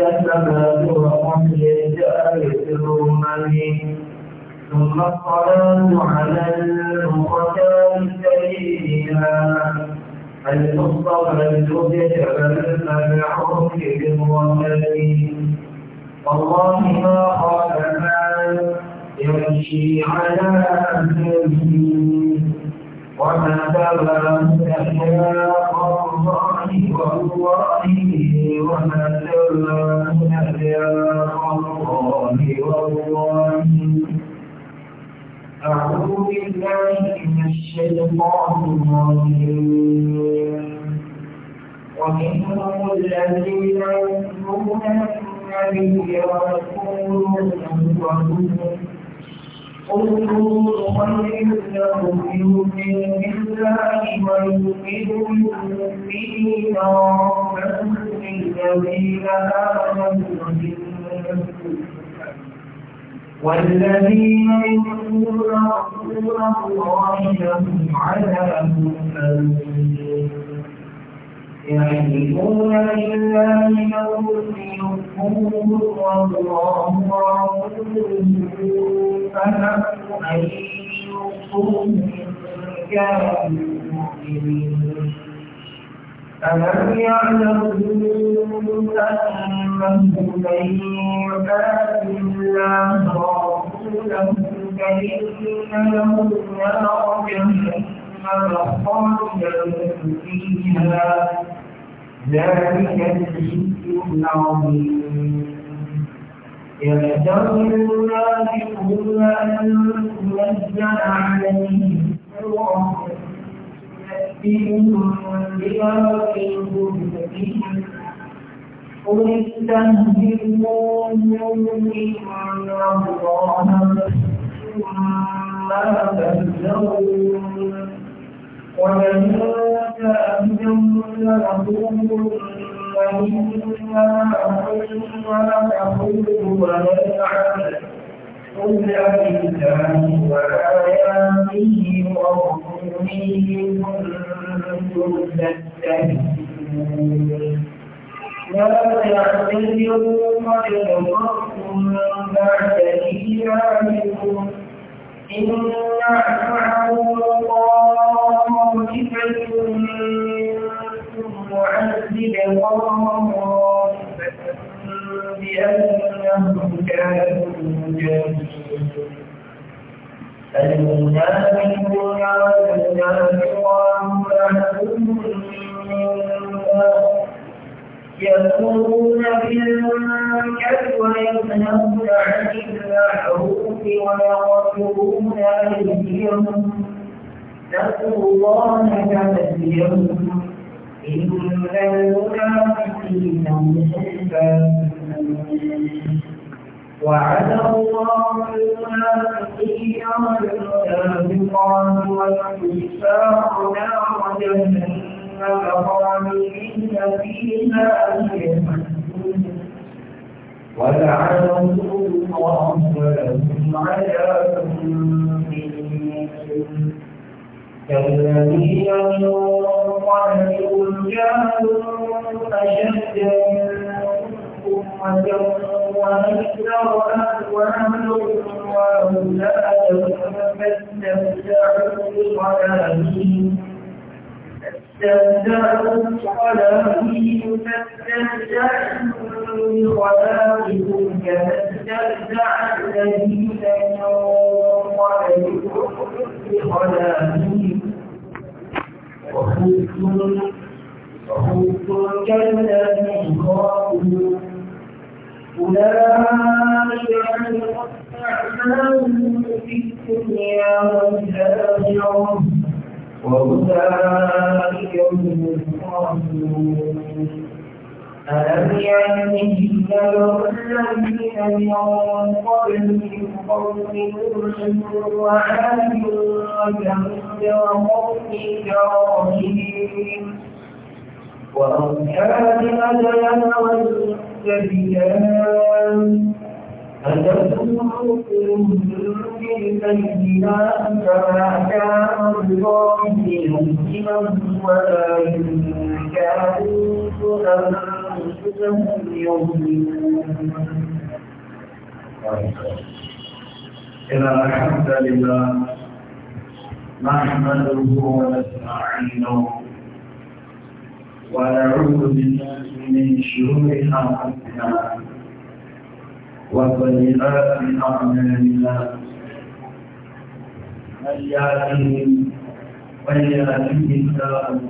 كسبت وهم ثم الصلاة على المختار سيدنا المصطفى الذكر المبعوث بالوكل والله ما خاف من يمشي على أهله وما تبع الله والله وما سلمنا يا الله والله أعوذ بالله من الشيطان الرجيم ومنهم الذين يؤمنون النبي ورسوله وهم قل هو خير لهم يؤمن بالله ويؤمن به ربهم للذين آمنوا والذين يؤمنون رسول الله لهم عذاب أليم يحلفون بالله لو يخلفهم والله رسول فنحن أن يخلفهم كانوا مؤمنين ألم يعلموا أنه من يكاد الله ورسوله فإن له نار جهنم خالدا فيها ذلك الخزي العظيم يغتر الناس كل أن تنزل عليهم سورة يأتيهم بغرق كلهم قل استهزئوا إن الله مسؤول ما تبلغون ولئن جاءتهم لنقولن إنا أقل ونقول ونلعن قل بالله وآياته ورسوله كنتم تستهزئون لا تعتذروا قد كفرتم بعد إيمانكم إنا معكم طائفة منكم نعذب قوما بأنهم كانوا مجاهدين المنافقون والمنافقات لهم يكونون بالمنكر وينهون عن المعروف ويقتلون أيديهم نسوا الله فنسيهم إن المنافقين هم وعد الله المنافقين والمنافقات والكفار نار جهنم الخالدين فيها الله ولهم عذاب كالذين من قبلهم جاءوا أشد منكم وأكثر أموالهم وأولادهم فاستمتعوا بضلالهم تبدأوا خلاقهم فاستبدأوا بخلاقهم كما استبدع الذين من قبلكم بخلاقهم وخذتم وخذتم كالذي خافوا في الدنيا والآخرة وأولئك هم الخاسرون ألم يأتهم نبأ الذين من قبلهم قوم نوح وعاد وثمود وقوم إبراهيم وأصحاب مدين والمتبيان فتسوقوهم بالبينات فما كان الله ليهزمهم ولكن كانوا أنفسهم يظلمون إن الحمد لله نحمده ونستعينه ونعوذ بالله من شرور أنفسنا وطيبات أعمالنا من يأتيهم من يأتيه الله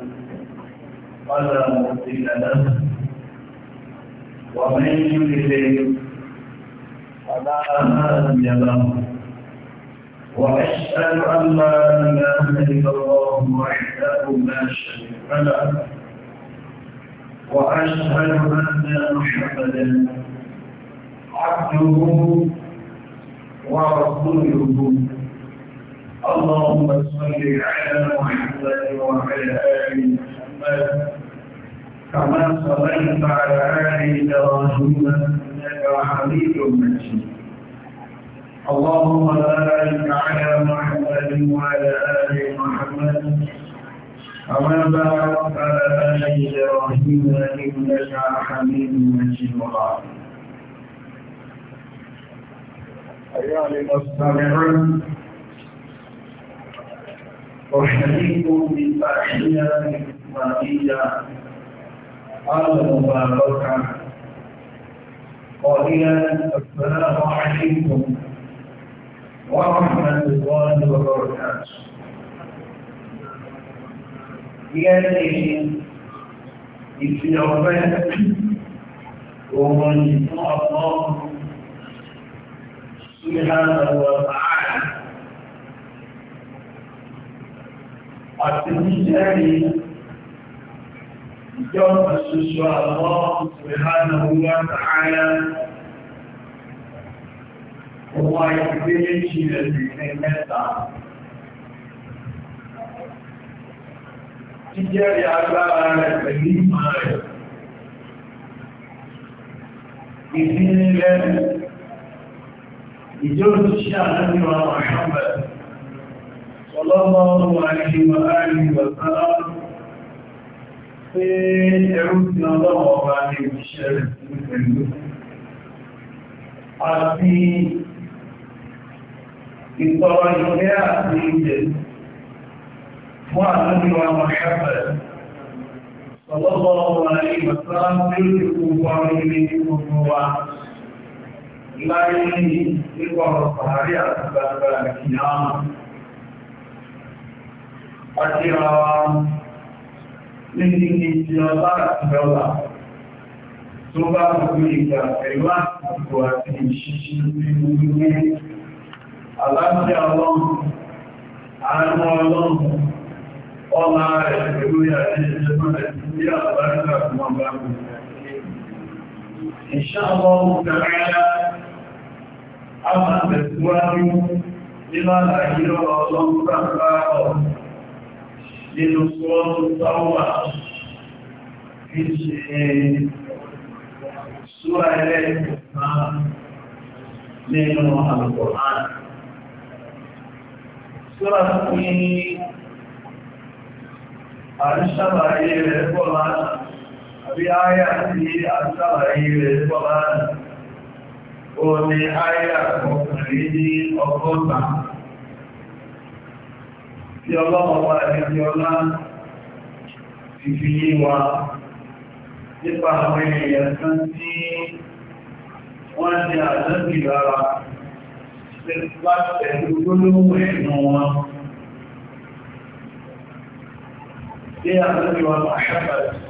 فلا مضل له ومن يضلل فلا هادي له وأشهد أن لا إله إلا الله وحده لا شريك له وأشهد أن محمدا عبده ورسوله اللهم صل على محمد وعلى ال محمد كما صليت على ال ابراهيم انك حميد مجيد اللهم بارك على محمد وعلى ال محمد كما باركت على ال ابراهيم انك حميد مجيد أيها المستمعون أحييكم بالتحية الإسلامية المباركة قائلا السلام عليكم ورحمة الله وبركاته يعني ìfihàn ọ̀fẹ́ òun ìfún ọ̀pọ̀ سبحانه وتعالى التنجاري يوم الشجاع الله سبحانه وتعالى وما يقبلش للمتع تجاري على الكريم إذن الله ìjọ òṣìṣẹ́ àdájúwà Muhammad sallallahu alaihi wa alihi wa sallam pé ẹrù tí ọlọ́wọ́ ọba ní òṣìṣẹ́ rẹ̀ sí pẹ̀lú àti ìtọ́rọ ìgbẹ́ àti ìjẹ fún àdájúwà Muhammad sallallahu alaihi wa sallam tí ó láyé nípa ọ̀pàárí àti gbàgbà ìyáàmù. Àti àwọn níbi ní ti ọlá àti ọlá tó bá gbogbo ìgbà pẹ̀lú àtìkò àti ìṣíṣí nínú ilé àlàáfíà ọlọ́run, àánú ọlọ́run, ọlá rẹ̀ pẹ̀lú àti ìṣẹ́fẹ́ a máa tẹ̀síwájú nínú àlàyé ọlọ́run pàpàpọ̀ nínú sọ́ọ̀tún sáwà fi ṣe súra ẹlẹ́ẹ̀kọ̀ọ̀kan nínú àlùkọ̀án súra ní àríṣàlàyé rẹ̀ pọ̀ lánàá àbí áyà sí àríṣàlàyé rẹ̀ pọ̀ omi ayé àkọkùnrin ní ọgọ́ta tí ọlọ́mọba àti ọlá ti fi yé wa nípa àwọn èèyàn kan tí wọ́n ti àjọ́bì lára láti pẹ̀lú gbólóhùn ẹ̀nà wọn tí àjọ́bì wọn àṣàbàtì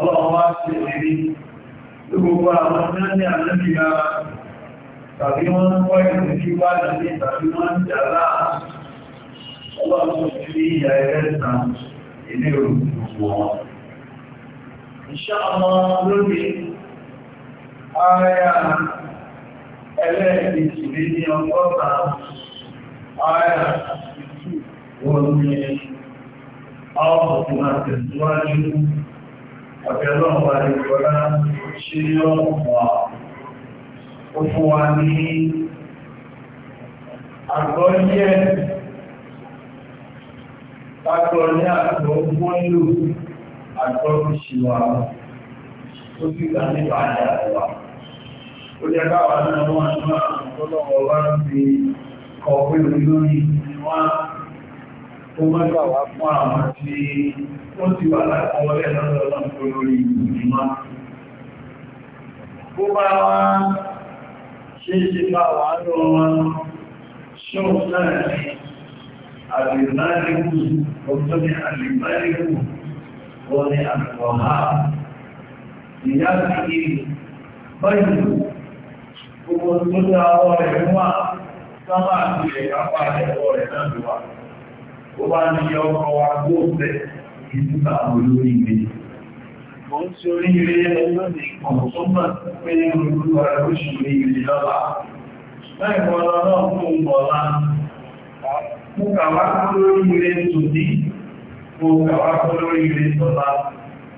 ọlọ́run wá sí ìrírí tó gbogbo àwọn náà ní àlẹ́bí ara tàbí wọ́n ń kọ́ ìrìn tí wá lẹ́lẹ́ tàbí wọ́n ń jà láàá ọlọ́run ti rí ìyà ẹ̀rẹ́ ta ilé olùgbò wọn àbẹ̀lọ́wọ́ àdìgbọ́lá ṣe ọ̀pọ̀ ó fún wa ní àgbọ́yẹ́ Àgbọ̀ ní àgbọ̀ wọ́n lò àgbọ̀ ìṣìwà ó sì gbà nípa àyàwó. Ó jẹ́ káwà náà wọ́n ní àwọn àgbọ́lọ́wọ́ wá ń fi kọ̀ọ̀pẹ́ lórí wọ́n tó bá wá ṣe ṣe bá wà ní wọn ṣọ́ọ̀ náà ní àlèmáríkù, ọ̀tọ́ ní àlèmáríkù, wọ́n ní àkọ̀há. Ìyá ti báyìí gbogbo tó dá rẹ̀ wà sábà àti ẹ̀yà pàdé ọwọ́ rẹ̀ náà ó bá ní ọkọ̀ wa gbóòfẹ́ ìdúgbà olórí ilé mo ń tí orí ilé ẹgbẹ́ ìpọ̀n tó mọ̀ pé olúwa ló ṣì ní ilé lọ́la láìpọ̀ lọ́nà fún bọ̀lá mú kàwá lórí ilé tòní mú kàwá lórí ilé tọ́lá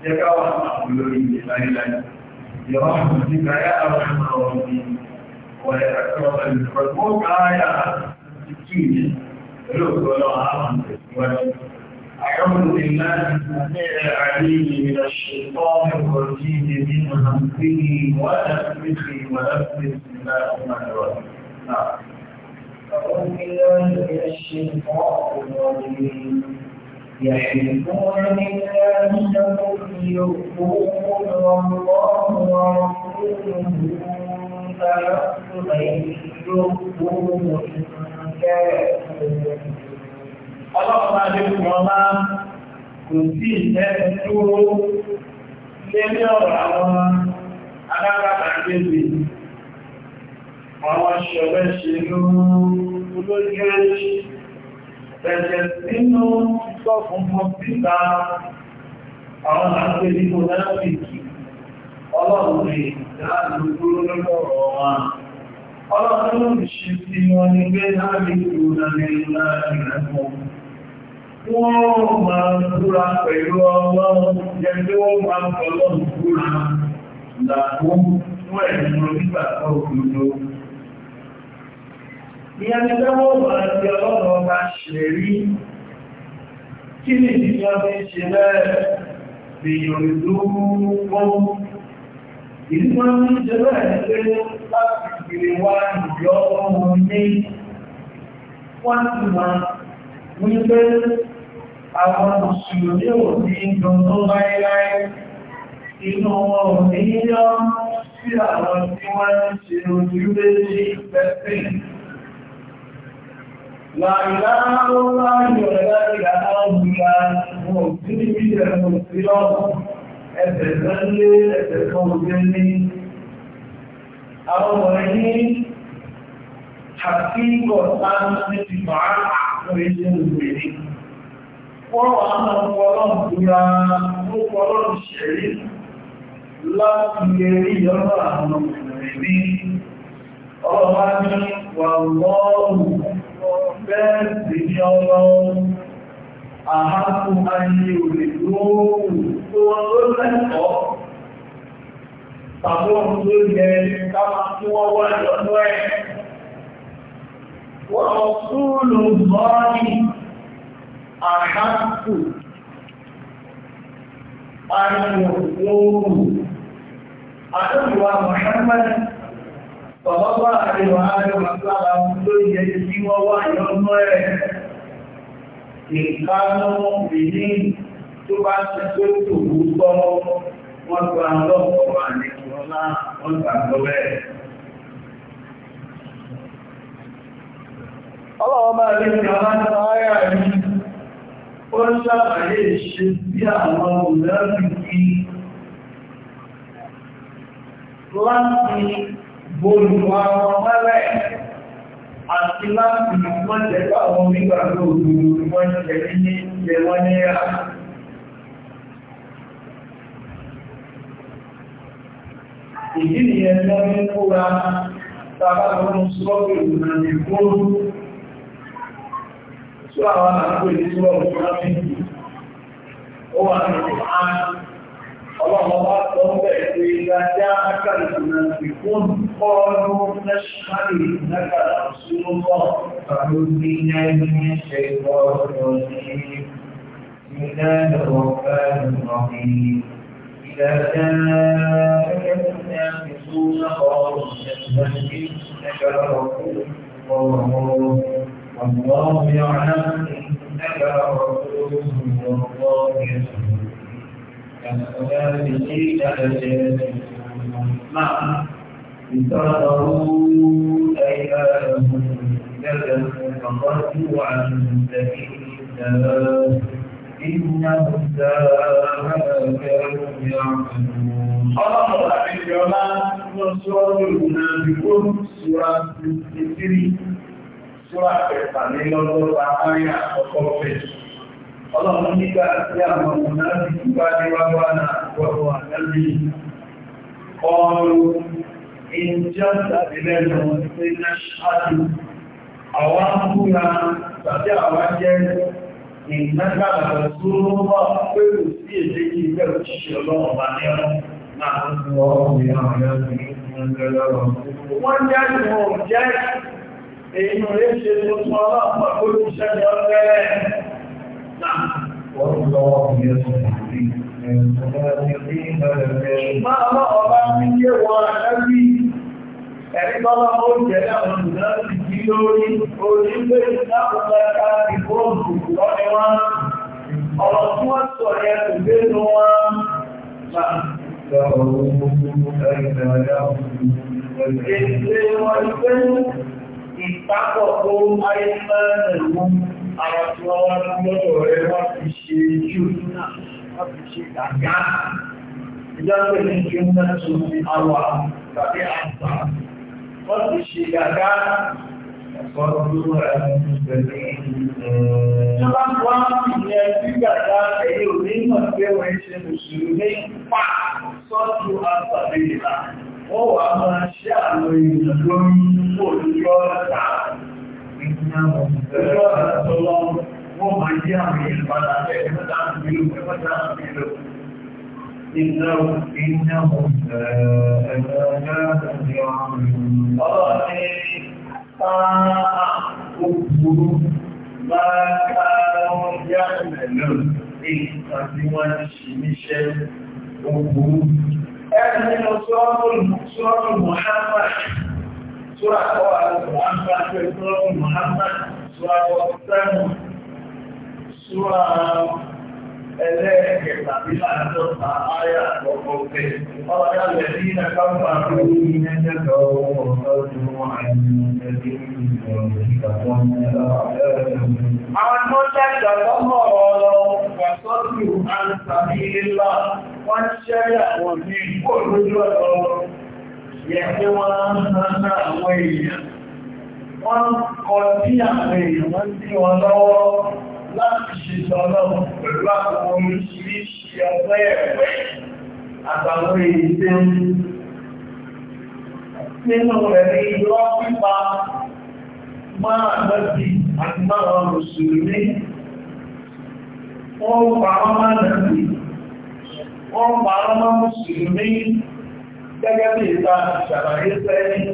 jẹ́ káwà àwọn lórí ilé láìláì yọ̀wá fún sí káyà àwọn ọmọ ọ̀rọ̀ mi wọ̀lẹ̀ àkọ́rọ̀ ẹ̀lẹ́fẹ́ أعوذ بالله السميع العليم من الشيطان الرجيم من همزه ونفسه ونفسه بسم الله الرحمن الرحيم. أعوذ بالله من الشيطان الرجيم يحبون بالله لكم ليرجوكم والله ورسوله ألم أن يرجوه إن Ọlọ́run máa lè fún wọn máa kò sí ìjẹ́ dúró lérí ọ̀rọ̀ àwọn alágbàtà gbèsè. Àwọn ṣọ̀rẹ́ ṣe lóòrùn lójú ẹ̀ṣì. Bẹ̀rẹ̀ sínú sọ fún fún síta àwọn àgbẹ̀ nípo náà fi kí ọlọ́run lè dá lóòrùn lọ́rọ̀ wọn ọlọ́run ṣe tí wọ́n ní gbé láàrin ìrùnàlẹ̀ láàrin ẹ̀mọ́. Wọ́n máa ń búra pẹ̀lú ọlọ́run jẹ́ tí wọ́n máa ń pọ̀lọ́ búra làkó fún ẹ̀mọ́ nígbà tó gbogbo. Ìyá ni tẹ́wọ́ máa ti ọlọ́run ọba ṣe rí. Kí láti kiri wá ìjọ ohun ní wọ́n ti máa wípé àwọn mùsùlùmí ò ní gbogbo láíláí inú wọn ò ní yọ sí àwọn tí wọ́n ń ṣe ojú méjì pẹ́sìn láìláàrọ̀ láàrin ọ̀rẹ́lá ìlànà ọ̀gbìnà wọn ò sí ní ìrẹ̀lẹ̀ òsì ọ̀pọ̀ ẹ̀sẹ̀ àwọn ọ̀rẹ́ ní àfíìkọ̀ láti ti máa àwọn ẹgbẹ́ òwúrẹ́ wọ́n wà náà fọ́lọ́n dúra ó fọ́lọ́n ṣẹ̀rí láti lè rí yọ́nà àwọn ọ̀rẹ́ ní ọlọ́wà ní wà lọ́rùn bẹ́ẹ̀ sí ní ọlọ́run àhákù ayé òlè lóòrùn tó wọ́n ló lẹ́kọ̀ọ́ tàbí ohun tó yẹ káwà tí wọ́n wá lọ́dọ́ ẹ̀. Wọ́n súnlù mọ́rí àṣàkù àìyànwòrò àdọ́gbà Mọ̀ṣánmẹ́lì Bàbá àríwá àríwàsára ló yẹ tí wọ́n wá lọ́dọ́ ẹ̀. Ìkánú ìní tó bá ti tó tòbú gbọ́ wọn gba lọ́pọ̀ wà ní ọlá wọ́n gbà lọ́wẹ́ ọlọ́wọ́ bá lè ní ọlá ní ọ̀rẹ́ àrí ó ń ṣàbàyé ṣe bí àwọn olóòrìkì láti bọ́ọ̀lù àwọn mẹ́lẹ̀ àti láti wọ́n àwọn onígbàgbọ́ òdòdó wọ́n ní ẹwọ́n ìdí nìyẹn tí wọ́n fi ń kóra tàbá lọ́nà sọ́ọ̀pù ìrìnà ìgbóòrò tó àwọn àgbò ìdí sọ́ọ̀pù ìrìnàmì ó wà ní ọlọ́mọba tó ń bẹ̀rẹ̀ pé ìdájá akàlùkùnà ìgbóòrò kọ́ ọdún national national ọ̀ṣunmọ́ pàlú ní nàìjíríà ṣe ìgbọ́ ọ̀rọ̀ ní ìdájọ́ ọ̀fẹ́ ìrọ̀mí ìdájá والنافقون قالوا نشهد إنك لرسول الله والله يعلم إنك لرسول والله يشهد المنافقين لجاسوسون معه اتخذوا أيمانهم جسدا فصدوا عن سبيل الله إنهم ساء ما كانوا يعملون الله عليهما وصور المنافقون سورة 63 سورة 13 آية وقفة Ọlọ́run nígbà tí àwọn ọmọ láti túbá ní wáwá náà gbọ́rọ̀ àgbẹ́lì ọrùn ìjọ́ tàbí lẹ́nu ní Àwọn àwọn jẹ́ ìnágbà tó wà pẹ̀lú sí èdè yìí bẹ̀rù ṣíṣẹ́ ọlọ́run bá ní ọ̀run náà tó wọ́n ní àwọn ọ̀yọ́ sí ìrìnlẹ́lọ́rọ̀. Wọ́n jẹ́ ìwọ̀n jẹ́ èyí rẹ̀ ṣe tó tún tó ti Ẹ̀ríkọ́lá ó jẹ́ láwọn ìdá ti jí lórí orílẹ̀ ìdáàbòlára ìgbóòmù lọ́ni wọ́n. Ọ̀rọ̀ tí wọ́n sọ yẹ kò gbé lọ wọ́n máa sọ̀rọ̀ Ìjọ́ pẹ̀lú ìjọ́ mẹ́sùn àwọn tàbí àpàá wọ́n ti ṣe gàgá ẹ̀kọ́ dúró ẹ̀kọ́ pẹ̀lú ìjọba wá ìyẹn sí gàgá èyí ò ní mọ̀ pé wọ́n ṣe mùsùlùmí pa sọ́jú àgbàdéyà ó wà máa ṣe àwọn èèyàn lórí ọ̀tà ìjọba àtọ́lọ́ إنه إنه ساء ما كان يعمل أكبر ما كانوا يعملون إن قد شمشة أكبر أهل سورة محمد سورة محمد سورة محمد سورة محمد سورة ẹlẹ́ẹ̀kẹtàbílà àtọ́ta ayà àkọ́kọ́ pé ọ̀rọ̀ yàlẹ̀ ní ẹ̀kọ́fà tó ní ẹjẹ́jọ́ ohun ọ̀tọ́jú Wọ́n ṣẹ́rẹ́ àwọn ní kò lójú ọ̀rọ̀ yẹ kí wọ́n ń rán àwọn èèyàn. Wọ́n kọ sí àwọn èèyàn wọ́n dí lọ́wọ́ láti ṣètò ọlọ́run pẹ̀lú àwọn oríṣiríṣi ọgbẹ́ ẹ̀wẹ̀ àtàwọn èdè nínú rẹ̀ ní irọ́ pípa máa lọ́bí àti máa mùsùlùmí wọ́n pàrọ́ máa lọ́bí wọ́n pàrọ́ máa mùsùlùmí gẹ́gẹ́ bí ìta ìṣàlàyé sẹ́yìn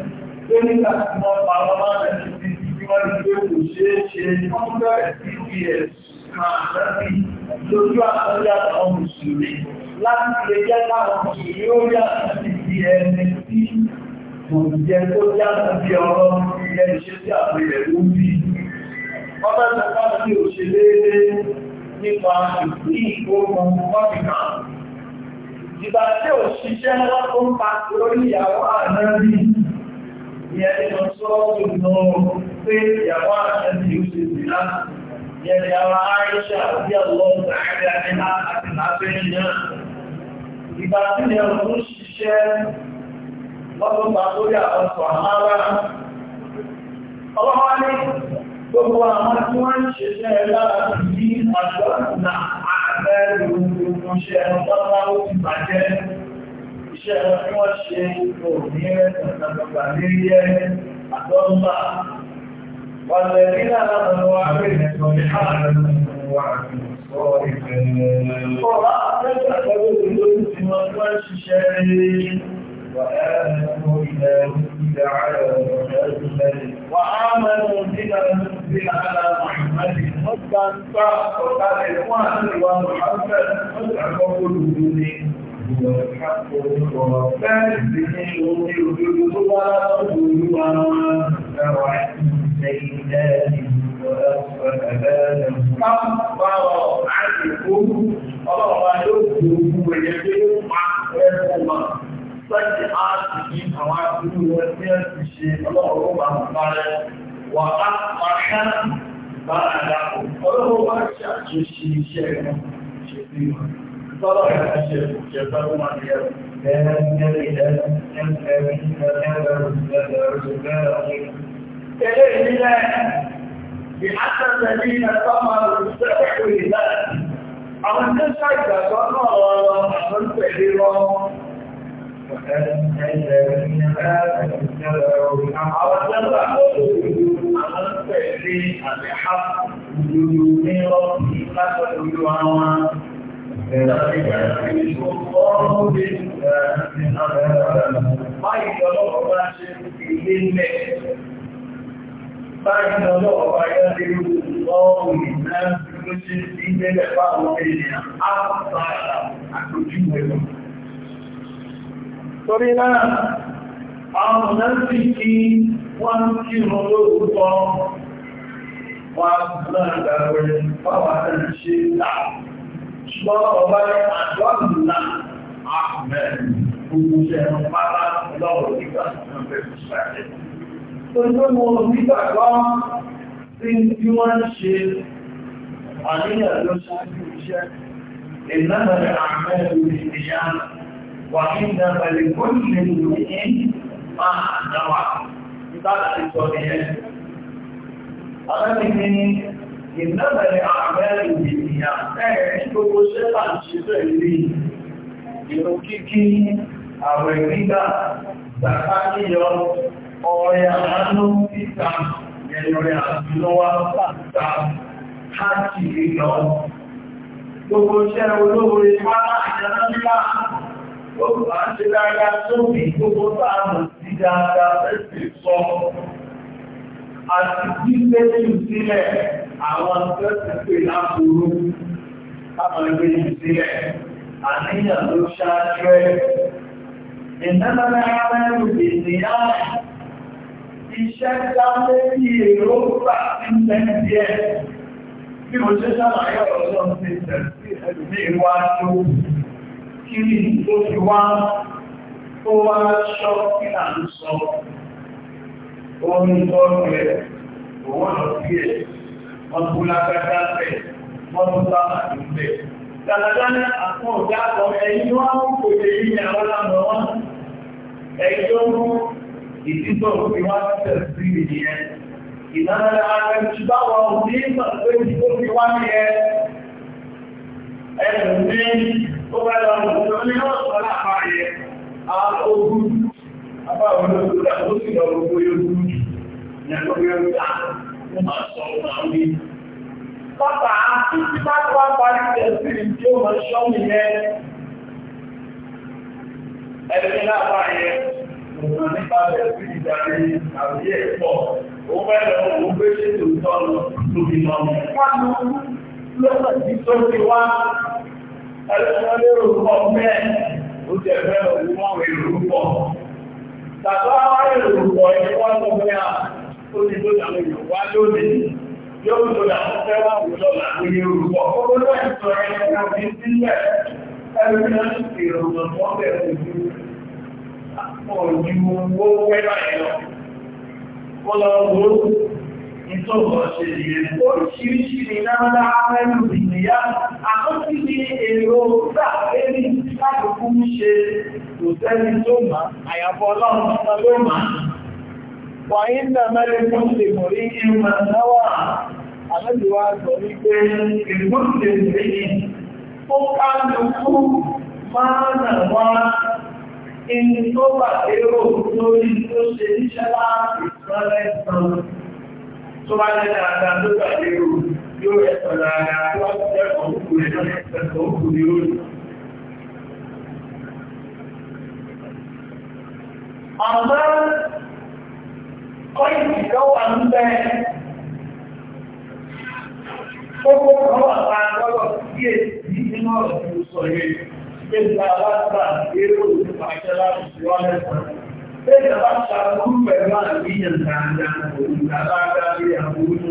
tó nígbà tí wọ́n pàrọ́ máa lọ́bí fi ẹ̀sùn àti lójú àtọ́lẹ́ àwọn mùsùlùmí láti lè jẹ́ láwọn mùsùlùmí ó rí àti ti ẹni tí kò jẹ́ tó jáde bí ọ̀rọ̀ ilẹ̀ iṣẹ́ tí àpẹẹrẹ ló bí. Wọ́n bá ti ká sí òṣèlé nípa ìpín ìgbógun Mọ́fíkà. Ìgbà tí òṣìṣẹ́ wọn tó ń pa lórí ìyàwó àná rí ìyẹn lọ sọ́ọ́ tó pé ìyàwó àná rí ó ṣe sí láti yẹ̀rẹ̀ àwọn àìṣà bí ọlọ́run ààrẹ àdínà àti lábẹ́rin náà ìgbà tí lè ọdún ṣiṣẹ́ lọ́gbọ́gbà lórí àwọ̀sọ̀ àmárá ọlọ́wọ́ ní gbogbo àwọn tí wọ́n ń ṣiṣẹ́ lára sí àjọ àtúnà ààrẹ ìrùn والذين آمنوا وعملوا الصالحات وعملوا الصالحات قرأت تقبل من الشيء وآمنوا إلى نزل على محمد وآمنوا بما نزل على محمد حتى فقد الإخوان ومحمد فتح قلوبهم Wàhálà bá àdàkùn, ọlọ́wọ́ wá ṣàtúnṣe iṣẹ́ ìrìn ṣe fi wọ́n. صرح الشيخ جبار مريم كان الذين كفروا السباق كليلة بحسب الذين ثمروا السبح لذلك أمن تشهد ثمرا من تحرم وأن الذين آمنوا اتبعوا الحق أمن تحرم بحق وجود ربهم قد وجوها Báyìí lọ́wọ́ ọba yá lè rú lọ́wọ́ ìlànà ló ṣe sí ilẹ̀ fáwọn ènìyàn ápàá àtòjú ẹ̀rọ. Torí náà, àwọn ọ̀nà sí kí wọ́n kí wọn lóòótọ́ wọn láàrín àwọn ẹ̀rọ fáwọn àtàrí ṣe láàrín lọ́rọ̀ bá ní àjọ́dúnlá àmẹ́ gbogbo ṣẹ̀rọ pátá lọ́rọ̀ nígbà tó ń bẹ̀rù sáré. Tó tó mọ nígbàgbọ́ tí tí wọ́n ń ṣe àníyàn ló ṣáájú iṣẹ́. Ìlànà àmẹ́ ìrìnìyà wà ní ìdàbẹ̀lẹ̀ kọ́lù nínú ní máa àdáwà. Ìbára ti sọ nìyẹn. Àwọn ènìyàn ìnábẹ̀rẹ̀ ààrẹ ìdìyà ẹ̀rẹ́ gbogbo sẹ́lá ṣíṣẹ́ ilé ìlú kíkí àwẹ̀ gbígbà gbàkájíyọ ọ̀rẹ́ àánú títà ẹ̀rẹ́ àbílọ́wà pàtà káàkì ìlọ gbogbo iṣẹ́ olóore pátá ìjọba gbogbo àti dáadáa sóbì gbogbo sílẹ̀ àwọn tó ti pè láburú káwọn ẹgbẹ́ yìí sílẹ̀ àníyàn ló ṣáájú ẹ̀. ìnáná mẹ́rin ènìyàn iṣẹ́ dáwé bí èrò gbà sí mẹ́rin ẹ̀. bí mo ṣe ṣàlàyé ọ̀rọ̀ náà ti tẹ̀sí ẹ̀lùmí iwájú kí ni tó fi wá tó wá ṣọ́ kí à ń sọ. Orin tó rẹ̀, òun lọ sí ẹ̀ wọ́n kú lágbàdá bẹ̀ wọ́n tún bá àti bẹ̀. Dàdàdà ní àwọn ọ̀gá àgbọ̀ ẹ̀yìn wọn kò lè rí ní àwọn lànà wọn. Ẹ̀yìn tó mú ìdíbò tí wọ́n tẹ̀ sí nìyẹn. Ìlànà ààrẹ ti bá wọn ní ìgbà pé ìdíbò tí wọ́n ní ẹ. Ẹ̀sùn ní ó bá lọ sọ ní ọ̀sán láàpá yẹ. Àwọn ogun, àbáwọn olóògbé ló sì lọ gbogbo yóò dúró. Ìyàtọ̀ ó máa sọ ó máa wí. Pápá títí bá tó wá parí tẹ̀sí tí ó máa ṣọ́ mi yẹn. Ẹni lápá yẹn, òun nípa tẹ̀sí ìjàre àbí ẹ̀pọ̀. Ó fẹ́ lọ òun gbé ṣètò ah, ìtọ́nù pọ̀ mẹ́. Ó jẹ́ pọ̀. Tàbá tó fẹ́ à ó ti tó àwọn èèyàn wá lónìí yóò tó là ń fẹ́ wà wò lọ́la ní orúkọ owó náà sọ ẹni ká fi sílẹ̀ ẹni náà sì rọ̀mọ̀ mọ́ bẹ̀rẹ̀ ojú ọ̀jú owó wẹ́rà ẹ̀ lọ. Wọ́n lọ wo ìtọ́gbọ̀ ṣe ìrìn oríṣiríṣi ní náà mẹ́lú ìnìyà àkọ́sí ní èrò gbàgbérí láti fún ṣe kò sẹ́ni tó máa àyàfọ́ ọlọ́run ló máa wà nílẹ̀ mẹ́rin tó lè mọ̀ rí ìmọ̀ náwà àmẹ́lùwà sọ wípé ìgbóṣèlú èyí tó ká lókú máa nà wá ẹni tó bà èrò lórí tó ṣe níṣẹ́ láti sọ́lẹ̀ sàn tó bá jẹ́ dáadáa tó bà èrò yóò ẹ̀sọ̀ dáadáa tó wá jẹ́ ọkùnrin náà ẹ̀sọ̀ ọkùnrin lórí Àmọ́ kọ́yìn ìjọ wà ń bẹ́ gbogbo kan wà bá gbọ́dọ̀ sí èsì nínú ọ̀rọ̀ tí ó sọ yìí ìgbà alágbà eré òṣèlú láti ṣe wá lẹ́sàn-án bá ṣàkóso pẹ̀lú àríyàn dáadáa òun dáadáa bí àbúrú ló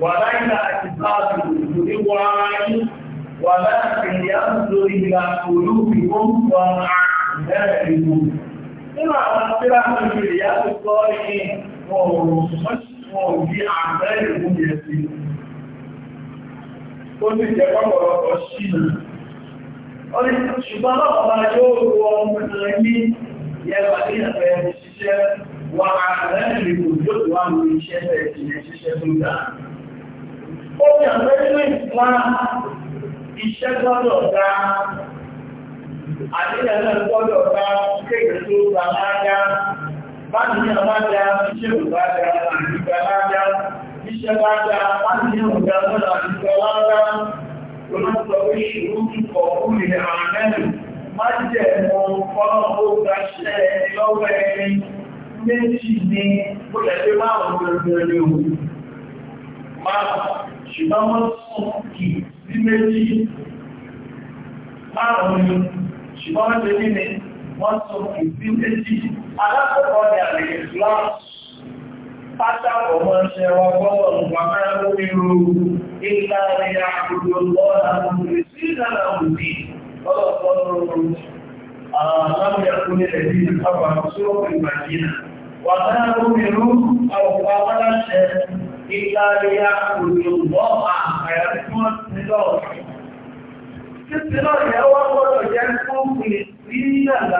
وليس اعتقاد لواعي ولكن ينظر الى قلوبهم واعمالهم nínú àwọn tíra nínú ìyá tó kọ́ ní ọ̀rọ̀ mọ́sùn bí àbẹ́rẹ̀ ìwúni ẹ̀sìn ó ti jẹ́ pọ́pọ̀lọpọ̀ sí i ṣùgbọ́n lọ́pàá yóò rọ ọmọ ní yẹba ní ẹ̀fẹ́ ṣiṣẹ́ wà àbẹ́rẹ̀ ìwúni yóò tó wà ní iṣẹ́ ó ní àpẹẹrẹ ìpán iṣẹ́ gbọ́dọ̀ dá àdíyàn náà gbọ́dọ̀ dá kéèkè tó gbà lájá báyìí ní àbájá iṣẹ́ òbájá àdígbà lájá iṣẹ́ bájá báyìí ní ọ̀gá mọ́lá àdígbà lájá olóòtọ́ ìṣòro kíkọ̀ òmìn àmẹ́lì má jẹ́ mọ́ fọ́nà ó gbàṣẹ́ lọ́wọ́ ẹni méjì ní ó yẹ pé máa ń gbẹ̀rẹ̀ ṣùgbọ́n wọ́n sún kì sí méjì márùn-ún ṣùgbọ́n wọ́n tẹ́lẹ̀ ní wọ́n sún kì sí méjì alákọ̀ọ́kọ́ ni àlèkè flash pátákọ̀ mọ́ ṣe ọgbọ́wọ̀ nípa lóríru ilá ẹ̀yà àkùdò lọ́nà lórí sí ìlànà òní lọ́lọ́pọ̀ lórí àwọn ẹ̀kúnlẹ̀ ẹ̀dí ìpapà tí ó pè màjínà wà náà lórí rú àwọn aláṣẹ ìlà ìyá òjòwọ́ tí wọ́n ti lọ́ọ̀ títí lọ́ọ̀yẹ́ wọ́n gbọ́dọ̀ jẹ́ fún sí ìlànà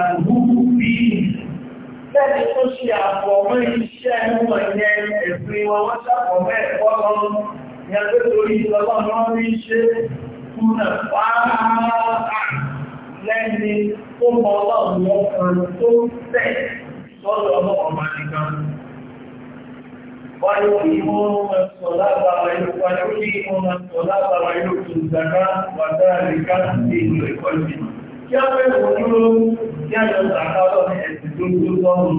lẹ́ni tó mọ́ ọlọ́run wọn tó tẹ̀ sọ́dọ̀ ọmọ ọmọ nìkan ويقيمون الصلاة ويؤتون الصلاة ويؤتوا الزكاة وذلك دين القيم Yàwó ìwòrò yàjọ àkàrọ̀ ní ẹ̀sìn tó tó lọ́rùn.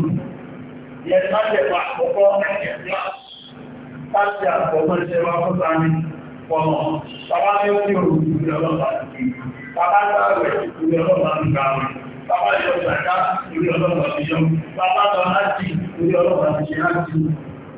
Yẹ má jẹ pa àkọ́kọ́ ẹ̀yẹ̀ ńlá. Táṣì àkọ́kọ́ ṣe wá fún sáni pọ̀mọ̀. Bàbá ní ó ní òun ìgbìyànjú ọlọ́pàá ti. Bàbá ń gbàgbẹ̀ ìgbìyànjú ọlọ́pàá ti gbà wọn. Bàbá yọ ìgbàjá ìgbìyànjú ọlọ́pàá ti yọ. Bàbá lọ láti ìgbìyànjú ọlọ́pàá ti ṣe láti.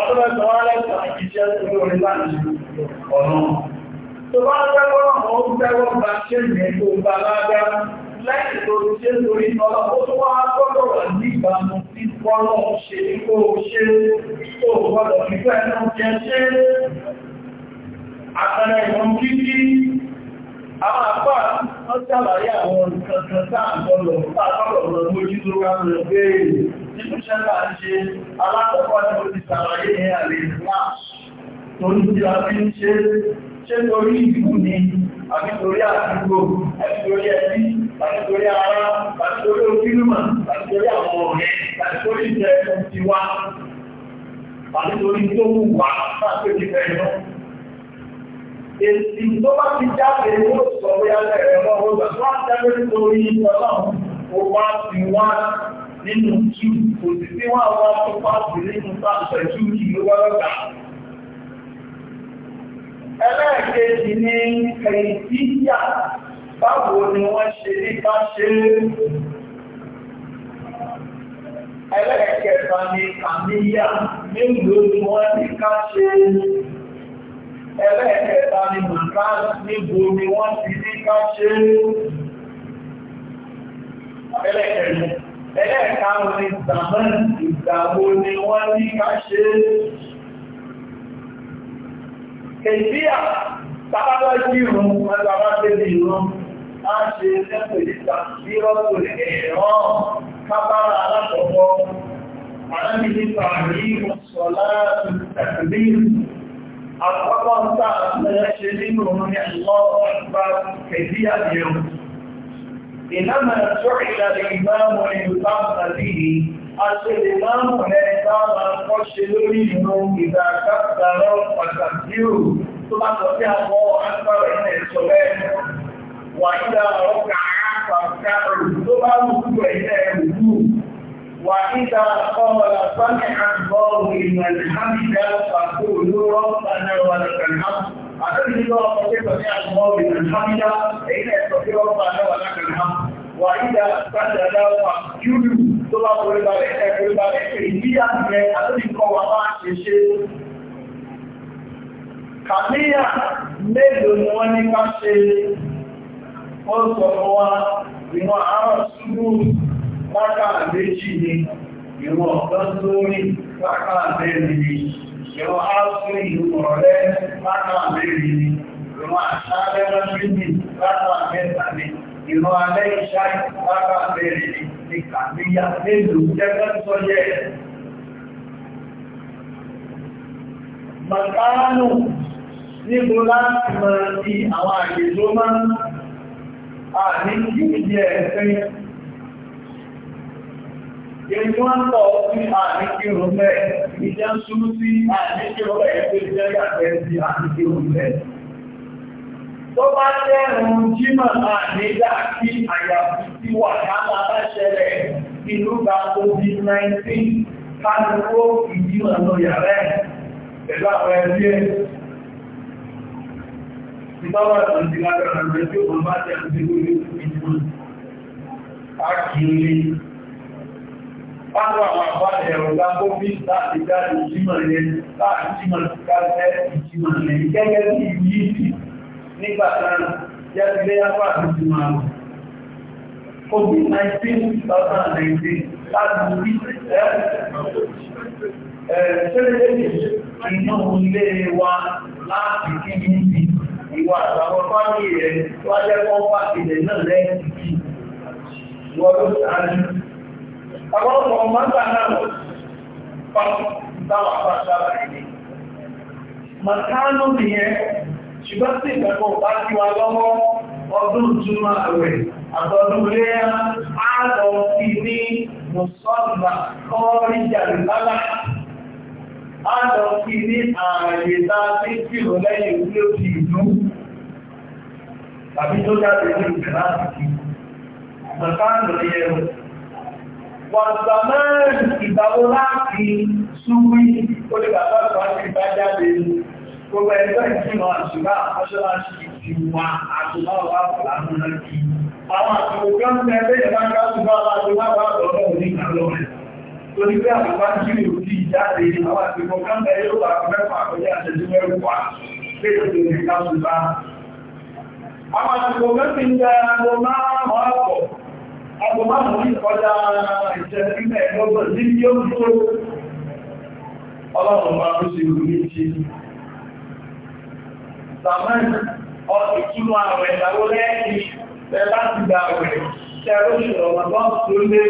Ọdún ẹ̀sọ̀ wá lẹ́sọ̀ àjíṣẹ́ orí orí láti ọ̀nà. Tó bá gbẹ́gbọ́ ọmọ ó gbẹ́gbọ́ bá ṣe ìrìn tó bá lágbá láti tó ṣe lórí ọlọ́ ó tó wá gbọ́dọ̀ wà ní ìbámu ẹ̀nà jẹ ṣe àtàrà ìwọ̀n kíkí Àwọn àpá wọ́n ṣàlàyé àwọn olùkankan sáàbọ̀lọ̀ sáàbọ̀lọ̀ lójú tó wá rẹ̀ bẹ́ẹ̀ nínú ṣẹ́lá ṣe alákọ̀ọ́kọ́ ni ó ti ṣàlàyé ní àlè náà tó ń tí a fi ń ṣe ṣe torí ìlú ni àti torí àdúgbò àti torí ẹbí àti torí ara àti torí ojúlùmọ̀ àti torí àwọn ọ̀rẹ́ àti torí ìjẹ́ ẹ̀kọ́ ti wá àti torí tó wù wá láti ojú ẹ̀yọ́ Èsì tó bá ti jáde ní òṣìṣọ́ bóyá lẹ́rẹ̀ lọ, ó gbà tó wá jáde nítorí ọlọ́run, ó wá sí wá nínú jù, kò sì sí wá wá tó pàṣẹ nínú pàṣẹ jù kì ló wá lọ́gbà. Ẹlẹ́ẹ̀kejì ni kẹ̀yìntìyà báwo ni wọ́n ṣe nípa ṣe Ẹlẹ́ẹ̀kẹta ni àmìyà mélòó ni wọ́n ní ká ṣe ẹlẹ́ẹ̀kẹta ni màkà níbo ni wọ́n ti ní ká ṣe ẹlẹ́ẹ̀kẹrin ẹlẹ́ẹ̀karùn ni zaman ìgbàgbó ni wọ́n ní ká ṣe kèsíà tàbátà sí ìrùn àtàbá tẹ́lẹ̀ ìrùn a ṣe lẹ́pẹ̀lẹ́ta sí rọ́pò ẹ̀rọ kábára alákọ̀ọ́kọ́ alábìlípa rí sọ̀lá tàbí àkọ́kọ́ ń tà ṣe nínú ní ọlọ́pàá bá kẹ̀sí àbẹ̀rù ìlànà tó ìlànà ìmáàmù ní ìbámu bíi aṣèlè máàmù lẹ́yìn táwọn akọ́ṣe lórí ìlú ìgbà kápẹ́lọ́ pàtàkì tó bá sọ sí àwọn akọ́rọ̀ وإذا قال سمع الله لمن حمده فقول ربنا ولك الحمد أتدري الله كيف سمع الله لمن حمده إن يستطيع ربنا ولك الحمد وإذا سجد فاسجد ثم قل بارك قل بارك إنجيا أتدري الله وما شيء kàníyà mélòó ni wọ́n ní ká ṣe ó sọ̀rọ̀ wa ìwọ̀n àárọ̀ ṣubú rákà méjì ni ìwọ̀n ọ̀kan lórí rákà mẹ́rin ni ìwọ̀n áṣírí ìrọ̀lẹ́ rákà mẹ́rin ni ìwọ̀n àṣálẹ́ rákà ni rákà mẹ́ta ni ìwọ̀n alẹ́ ìṣá rákà mẹ́rin ni ní kàmíyà mélòó jẹ́gbẹ́ sọ́yẹ́ Màkánù Èyí wọ́n tọ̀ sí àníkírò mẹ́, ìjẹ́ ń súnmú sí àníkírò mẹ́ tó jẹ́ yàgbẹ́ sí àníkírò mẹ́. Tó bá jẹ́ ẹ̀rùn jímọ̀ ànídá sí àyàfi tí wà káàlá bá ṣẹlẹ̀ inú gba COVID-19 kánúwó ìjímọ̀ lọ yàrá pẹ̀lú àwọn ẹbí ẹ̀. Ìtọ́wọ́ ìdí lágbàrá rẹ̀ tí ó bá jẹ́ Báwo àwọn àpáàdẹ̀ ẹ̀rọ gbáko bí láti jáde ìjímọ̀ rẹ̀ láti jímọ̀ káṣẹ́ ìjímọ̀ rẹ̀ gẹ́gẹ́ bí ìlú yìí nígbà kan jáde lé COVID-19 2019 láti rí ẹ̀ ṣẹlẹ̀ inú ilé wa láti kí ní ti ìwà àtàwọn fáwọn rẹ̀ tó ajẹ́kọ́ pàtìlẹ̀ náà lẹ́yìn ti wọ́n ló ṣáájú àwọn ọmọ ọmọ ọgbà náà lọ fún ìdáwà àpàṣàlá ìdí. Màkánù nìyẹn, ṣùgbọ́n sí ìgbàgbọ́ bá ti wà lọ́wọ́ ọdún ìtumọ̀ àwẹ̀ àtọ́dúnléyà àádọ́ ti ní mùsọ́ọ̀nà kọ́ọ̀rí jàrí lálá. Àádọ́ ti ní ààyè tá a ti kìlọ̀ lẹ́yìn ilé òkè ìlú tàbí tó jáde ní ìgbà láti kí. Wọ̀nsọ̀mẹ́rin ìgbàwó láti súnmí ó lè bàbá ìwádìí ìbájáde gbogbo ẹgbẹ́ ìjìnà àṣìbá àṣọ́láṣì ti wà àṣìbá wà láàrín láti. Àwọn àṣìbò kí wọ́n tẹ́ ẹgbẹ́ ìbá káṣùbá láti wá bá ọ̀dọ́ òní kàlọ́ rẹ̀. Torí pé àṣìbá ń jírí òkú ìjáde àwọn àṣìbò kan tẹ́ yóò bá mẹ́fà àkọjá àṣẹjú mẹ́rùn-ún pé ètò ìrìn káṣùbá. Àwọn àṣìbò kan ti ń jẹ́ agbó márùn ún kọjá ìṣẹ́jú mẹ́ẹ̀ẹ́dọ́gbọ̀n ní kí ó tó ọlọ́run máa ń ṣe ìlú méjì zaman ìtúnú àwẹ̀ ìdáwó lẹ́ẹ̀kì tẹ́lá ti gbà àwẹ̀ tẹ́rọ tó lé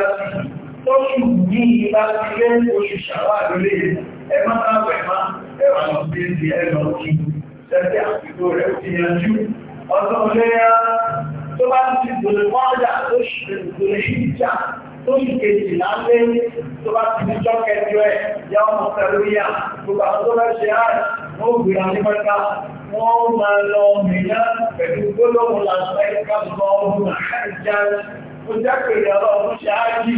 ẹ̀rùn tó ṣù ní ìbá ti lé oṣù ṣàwárí lè ẹmọ́ àwẹ̀má ẹwà lọ sí ti ẹlọ kí sẹ́tẹ́ àtìkò rẹ̀ ti yanjú ọdún léyá tó bá ti ti gbòlè mọ́ọ̀dà tó ṣù gbòlè ìjà tó ṣù kejì lálé tó bá ti níjọ́ kẹjọ ẹ̀ yá ọmọ pẹ̀lúyà gbogbo àwọn tó bá ṣe àrùn wọ́n gbìyà ní mẹ́ta wọ́n máa lọ mìíràn pẹ̀lú gbólóhùn làṣẹ́ ìkàbọ̀ ọdún àjá ó jẹ́ pèrè ọlọ́run ṣáájì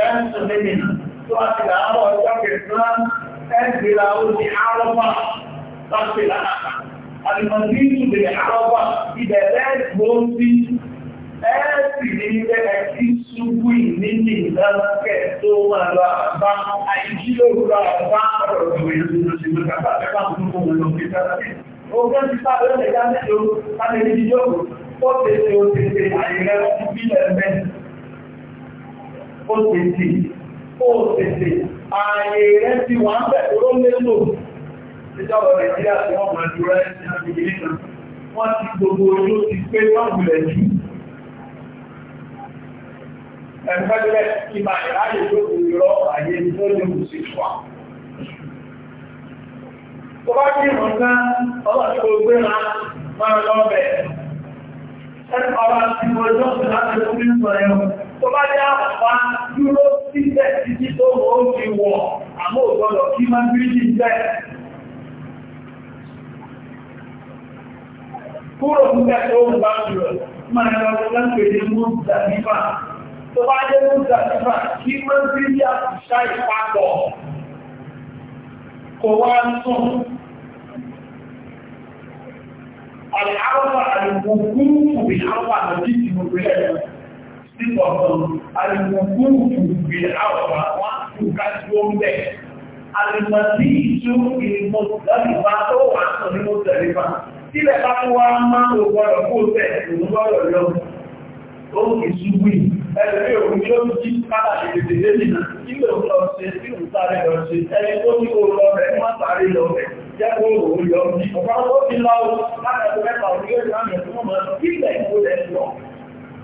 ẹ̀sùn lẹ́yìn tó wá ti láàárọ̀ ọjọ́ kẹsàn-án ẹgbẹ̀rẹ̀ oṣù àrọ́bà láti láàkà. Àlùmọ̀dínú lè àrọ́bà ibẹ̀ lẹ́gbọ́ sí ẹ́ẹ̀sì ní ilé ẹ̀sí ṣubú ìníní ìdánakẹ́ tó máa lọ àbá àìjílòrò àbá ọ̀rọ̀ ìlú ìlú ìgbàgbà ó tètè ó tètè ààyè rẹ̀ ti wà ń bẹ̀ tó lélò ìjọba nàìjíríà tí wọ́n máa jù rẹ̀ ní àbìlì náà wọ́n ti gbogbo ojú ti pé lọ́gbùlẹ̀ jù ẹ̀fẹ́lẹ́ ìmà ìráyè tó kù ìrọ̀ àyè tó lè mú sí wà. Tó bá kí ìmọ̀ náà ọlọ́tí kò gbé ra máa tó bá dé àpapá dúró síbẹ̀ títí tó wọ́n ó fi wọ̀ àmọ́ ògbọ́dọ̀ kí máa ń bí jì bẹ́ẹ̀. Kúrò nígbà tó ń bá jùlọ, máa lọ lápẹ̀ ní Mùsà nípa. Tó bá dé Mùsà nípa, kí máa ń bí jì àṣìṣà ìpapọ̀. Kò wá sùn. Àlè àwọn àlè gbogbo ìlú àwọn àlè jíjì gbogbo ẹ̀rọ sípọ̀tàn alìmọ̀kú ìgbè àwọ̀wà wọ́n tún ká tí ó ń bẹ̀. Àlìmọ̀tí ìṣú ìmọ̀tẹ̀lẹ́fà tó wà sọ ní mọ̀tẹ̀lẹ́fà. Tílẹ̀ bá tó wá máa ń gbọ́dọ̀ kó bẹ̀ òun gbọ́dọ̀ yọ. Ó kì í ṣubú yìí. Ẹgbẹ́ òun yóò jí kádà ìdèdè lẹ́yìn náà. Ilé òun lọ ṣe sí òun sáré lọ ṣe. Ẹni tó ní kó lọ bẹ̀ wọ́n sáré lọ bẹ̀. Jẹ́ kó òun yọ. Ọ̀pá ó ti lọ láti ẹgbẹ́ mẹ́ta òun yóò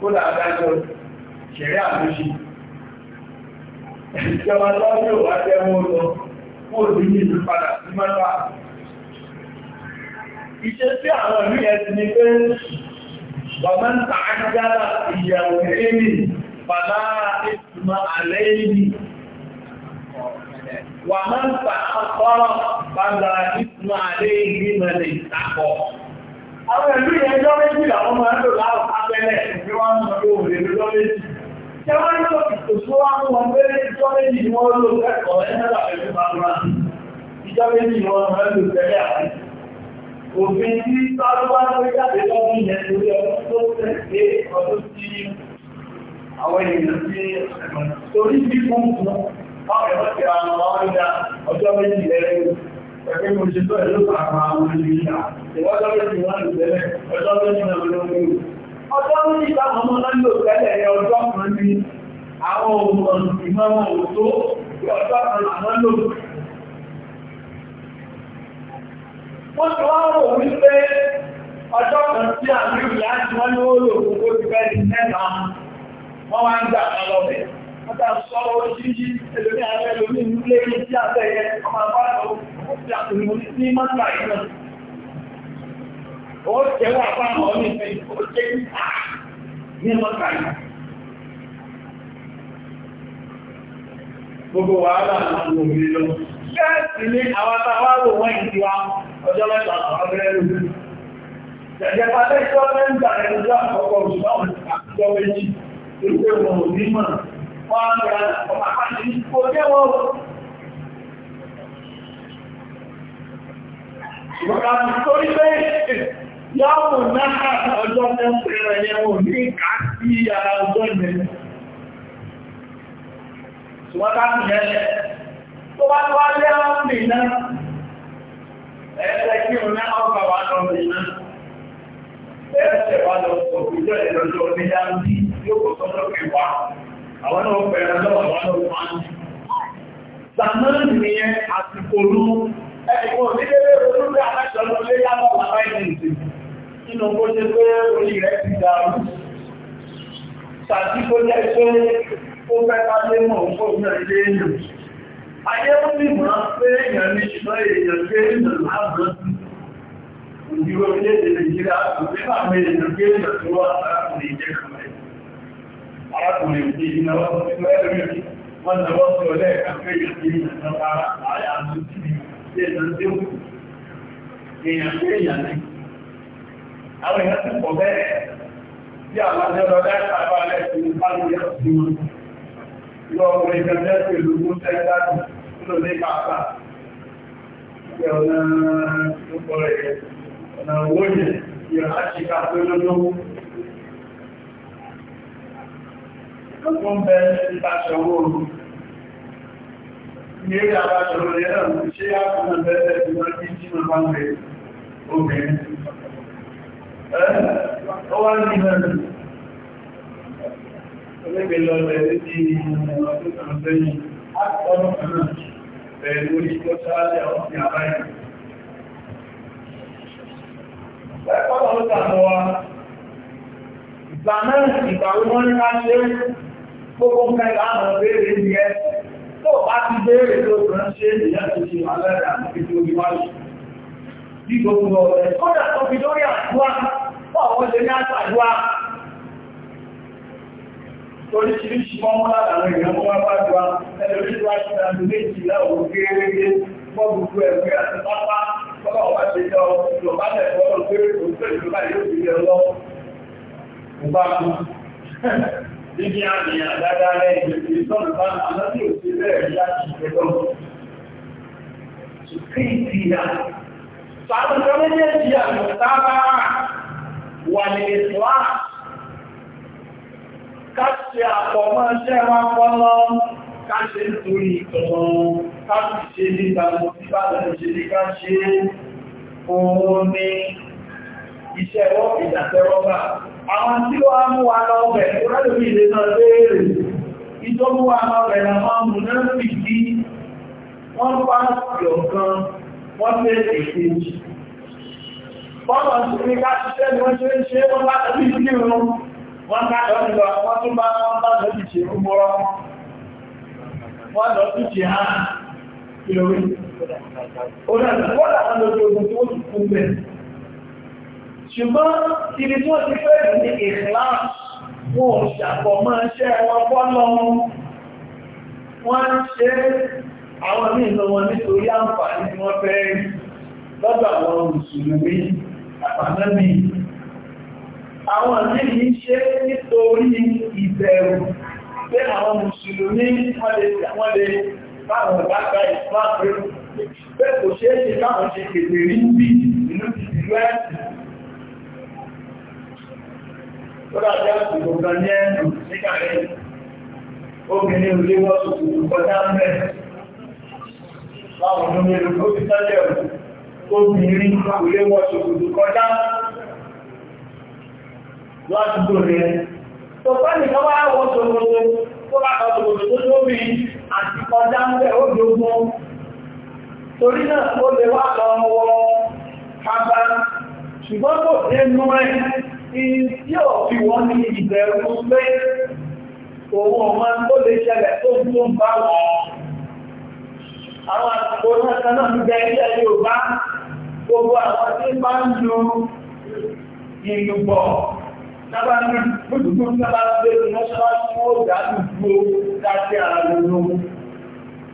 kódà adájọ́ ṣẹ̀rẹ́ àtúnṣe ìjọba lọ́jọ́ wà tẹ́wọ́ lọ fún òbí ní ìlú padà sí mọ́lá iṣẹ́ tí àwọn ìlú yẹn ti ní pé bàbá ń ta ajára ìyàwó ẹni padà ìtumọ̀ alẹ́ ẹni wà máa ń ta àkọ́rọ̀ padà ìtumọ̀ alẹ́ ẹni mẹ́lẹ̀ ìtakọ̀ Àwọn ìlú yẹn jọ méjì làwọn máa ń láwọn abẹ́lẹ̀ tí wọ́n ń sọ òun lè jọ méjì Òfin tí Sáró ń gbé jáde lọ́dún yẹn torí ọdún tó tẹ̀lé ọdún tí àwọn èèyàn ti torí bí fún fún ọ̀rẹ́ ọ̀sẹ̀ àwọn ọ̀rẹ́ ọjọ́ méjì lẹ́yìn ẹgbẹ́ mo ṣe tó ẹ̀lú pàápàá àwọn ìlú ìwọ́n lọ́rọ̀ ti wọ́n lù tẹ́lẹ̀ ọjọ́ tó ní àwọn ọmọ ìlú ọjọ́ tó ní ìta ọmọ náà lò tẹ́lẹ̀ ẹ ọjọ́ kan ní àwọn ohun ìmọ̀ ohun tó ọjọ́ kan àwọn lò wọ́n ti wá rò wípé ọjọ́ kan tí àmì ìlú láti wọ́n lówó lò fún kó ti fẹ́ di mẹ́ta wọ́n wá ń gbà kan lọ́bẹ̀ẹ́ ọjà sọ́rọ̀ oríṣiríṣi ẹlòmí ààrẹ ẹlòmí nílé tí a bẹ̀rẹ̀ ọmọ àbáyọ̀ ó ti àtùnmọ̀ ní mọ́tà ìgbà ó tẹ́wọ́ àpáhàn ọmọ ìfẹ́ ó jẹ́ ní mọ́tà ìgbà gbogbo wàhálà àwọn òmìnir lọ gẹ́ẹ̀sì ní àwọn tàwárò wọ́n ìdí wa ọjọ́ mẹ́ta àwọn abẹ́rẹ́ lórí jẹ̀jẹ̀pá tẹ́jọ́ mẹ́ta ẹ̀rọ àkọ́kọ́ òṣùpá òṣùpá àtijọ́ méjì tó gbé wọn ò ní mọ̀ wọ́n á lọ́ra ọmọ àpáṣẹ ní kò dé wọ́n. Ìgbà torí pé yọ́mù náà ọjọ́ mẹ́rin rẹ̀ yẹn wò ní ká sí ara ọjọ́ ìgbẹ̀rẹ̀. Ṣùgbọ́n ká sì yẹn tó bá tó wá lé àwọn ìnáà ẹ̀ẹ́sẹ̀ kí òun náà ọgbà wà lọ́rọ̀ ìnáà ẹ̀ẹ́sẹ̀ wà lọ́rọ̀ ìjọ́ ìrọ̀lọ́ àwọn náà pẹ̀rẹ̀ lọ́wọ́ àwọn náà wọ́n ní. Sàmọ́nì ni ẹ àsìkò lú ẹ̀kọ́ nílé olú não aláṣọ ló lé yá lọ́wọ́ láìsí nínú kó ṣe pé orí rẹ̀ ti dàrú. Tàbí kó jẹ́ pé ó fẹ́ bá lé mọ̀ não kó náà lé lò. Ayé ń bì mọ́ pé èèyàn ní ṣùgbọ́n èèyàn arákùnrin òjì iná wọ́n tó ti lọ́wọ́ lórí wọn lọ wọ́n tó lẹ́ kàfẹ́ ìrìn ìrìnàjò ara àyà àti ìrìn tí èèyàn tí ó kù èèyàn tí èèyàn ní àwọn èèyàn ti pọ̀ bẹ́ẹ̀ bí àwọn ajẹ́lọ dáìsà bá lẹ́ sí ìpàdé yẹn sí wọn lọ ọkùnrin ìjọba pẹ̀lú wọ́n bẹ ìbáṣọ owó orí. Ní èrè àbáṣọ orí ẹ̀rọ ṣe àkùnà bẹ́ẹ̀ tí wọ́n ti jí mọ́ máa ń rẹ̀ obìnrin. Ó wá ní ìrìn olóògbé lọ bẹ̀rẹ̀ sí ọdún kan sẹ́yìn, á kọ́ ọdún kan náà bẹ̀rẹ̀ lórí tó sáálẹ̀ ọ̀sìn àbáyé. Ìgbà náà ìgbà wọ́n ń ká gbogbo ń kẹ́lá àwọn béèrè ní ẹ tó bá ti béèrè tó rán ṣe ènìyàn tó ṣe wà lẹ́rẹ̀ àti tó rí wáyé bí gbogbo ọ̀rẹ́ kódà tó fi lórí àdúrà fún àwọn ṣe ní àtàdúrà oríṣiríṣi mọ́mọ́ látàwọn èèyàn mọ́ níbi àmì àdáda lẹ́yìn ìgbésọ̀nù bá àwọn tí ò sí bẹ́ẹ̀ rí láti ìgbẹ́lọ́. Ṣùkí ìtìyà. Fàtàkọ́ méjèèjì àmì sábà wà ní ìfúwà. Káṣe àpọ̀mọ́ iṣẹ́ wa pọ́lọ́, káṣe nítorí ìtọ̀nà, káṣe ṣe nígbà mo ti bá lẹ́nu ṣe ní káṣe òun ní iṣẹ́ wọ́n ìdàtẹ́wọ́gbà àwọn tí ó wá mú wa lọ bẹ̀ tó rẹ́lù bí ilé náà léèrè ìjọ mú wa lọ bẹ̀ na máa mú náà fi bí wọ́n bá yọ̀ kan wọ́n fẹ́ èsì bọ́nà sí ní ká ṣiṣẹ́ ni wọ́n ṣe ń ṣe wọ́n bá tẹ́lú ìdílé wọn wọ́n ká lọ nílọ wọ́n tún bá wọ́n bá lọ sí ṣe rúgbọ́ wọ́n lọ sí ṣe hàn kìlọ̀wé ó wọ́n dàgbà ṣùgbọ́n ibi tí wọ́n ti fẹ́ ní ìkìláàsì wọn ò ṣàpọ̀ máa ṣẹ́ wọn bọ́lọ́ wọ́n ń ṣe àwọn mìíràn wọn nítorí àǹfààní tí wọ́n fẹ́ lọ́dọ̀ àwọn mùsùlùmí àpàmẹ́mì àwọn mìíràn ṣe nítorí ìbẹ̀rù pé àwọn mùsùlùmí wọ́n lè báwọn bàbá ìsìláàpù pé kò ṣeé ṣe káwọn ṣe kèdè rí bí ìlú ti ìlú ẹ̀sìn Lọ́dá Obìnrin ò lè wọ́ kọjá mẹ́. Báwọn ọmọ mẹ́rin ó ti tẹ́lẹ̀ ọ̀rọ̀. Obìnrin ò lè wọ́ tuntun kọjá. Lọ́dúgbò tó tó tóbi àti kọjá mẹ́ ó dogun. Torí náà ó lè wá lọ wọ Ṣùgbọ́n kò rẹ̀ tí ò fi wọ́n ní ìbẹ̀rù pé òun ọmọ tó lè ṣẹlẹ̀ tó tó ń bá wọn àwọn àtìkò náà kan náà ń bẹ ilẹ̀ Yorùbá gbogbo àwọn tí bá ń lo ìlú bọ̀ lábá ní gbogbo nígbà tó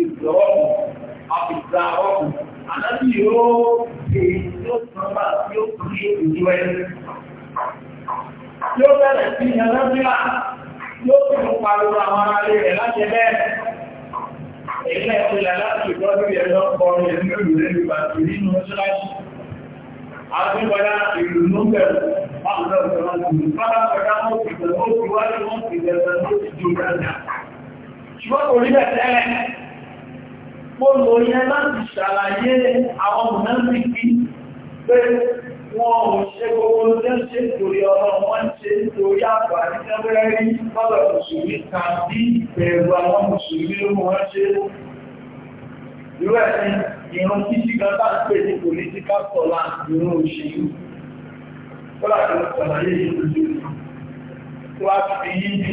ìgbọ́ọ̀mù àbìsàrọ̀mù àdájú yóò èyí yóò tán bá tí ó kú ní ìlú ẹni. Yóò bẹ̀rẹ̀ sí ìyànlọ́bíà yóò tún pariwo àwọn ará rẹ̀ láti ẹgbẹ́ ilé ìpìlẹ̀ láti ìgbọ́dọ̀ yẹn lọ kọ ẹ̀mí òrùlé ìgbà tí nínú mọ́ṣáláṣí. Àgbébọ̀dá ìlú ló bẹ̀rù báwọn lọ́wọ́ ìgbàlódé. Bábá kọjá mọ́ ìgbàlódé wáyé wọ́n ti bẹ̀rẹ̀ lọ́sí ju mo lò yẹn láti ṣàlàyé àwọn mùnáfíkí pé wọn ò ṣe gbogbo jẹ́ ṣe torí ọ̀rọ̀ wọn ṣe torí àpàrí tẹ́lẹ̀rí lọ́dọ̀ mùsùlùmí tàbí ìbẹ̀rù àwọn mùsùlùmí ló mú wọn ṣe irú ẹ̀sìn ìran títí kan bá pè ní political tolerance ìran òṣèlú ó láti ṣàlàyé yìí lójú tó wá fi yíbi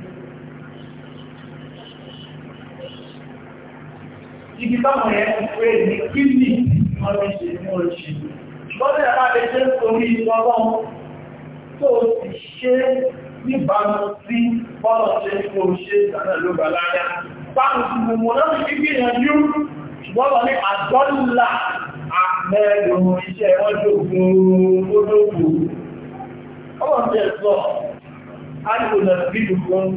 ibi táwọn ẹ̀ ń pè ní kíní wọ́n ti ṣe mú ọjì lọ́dẹ̀ àbábẹ́ ṣe ń torí ọlọ́run tó ti ṣe níbàámu sí bọ́lọ̀ ṣe ń kó ṣe ìdáná ló bá láyá báwọn ti mú mọ́ lọ́dún kí gbìyànjú ṣùgbọ́n lọ ní àjọ́lá àmẹ́rùn iṣẹ́ wọ́n lóògùn olóògùn ọlọ́run tẹ̀ sọ á ní kò lọ sí ìdùkún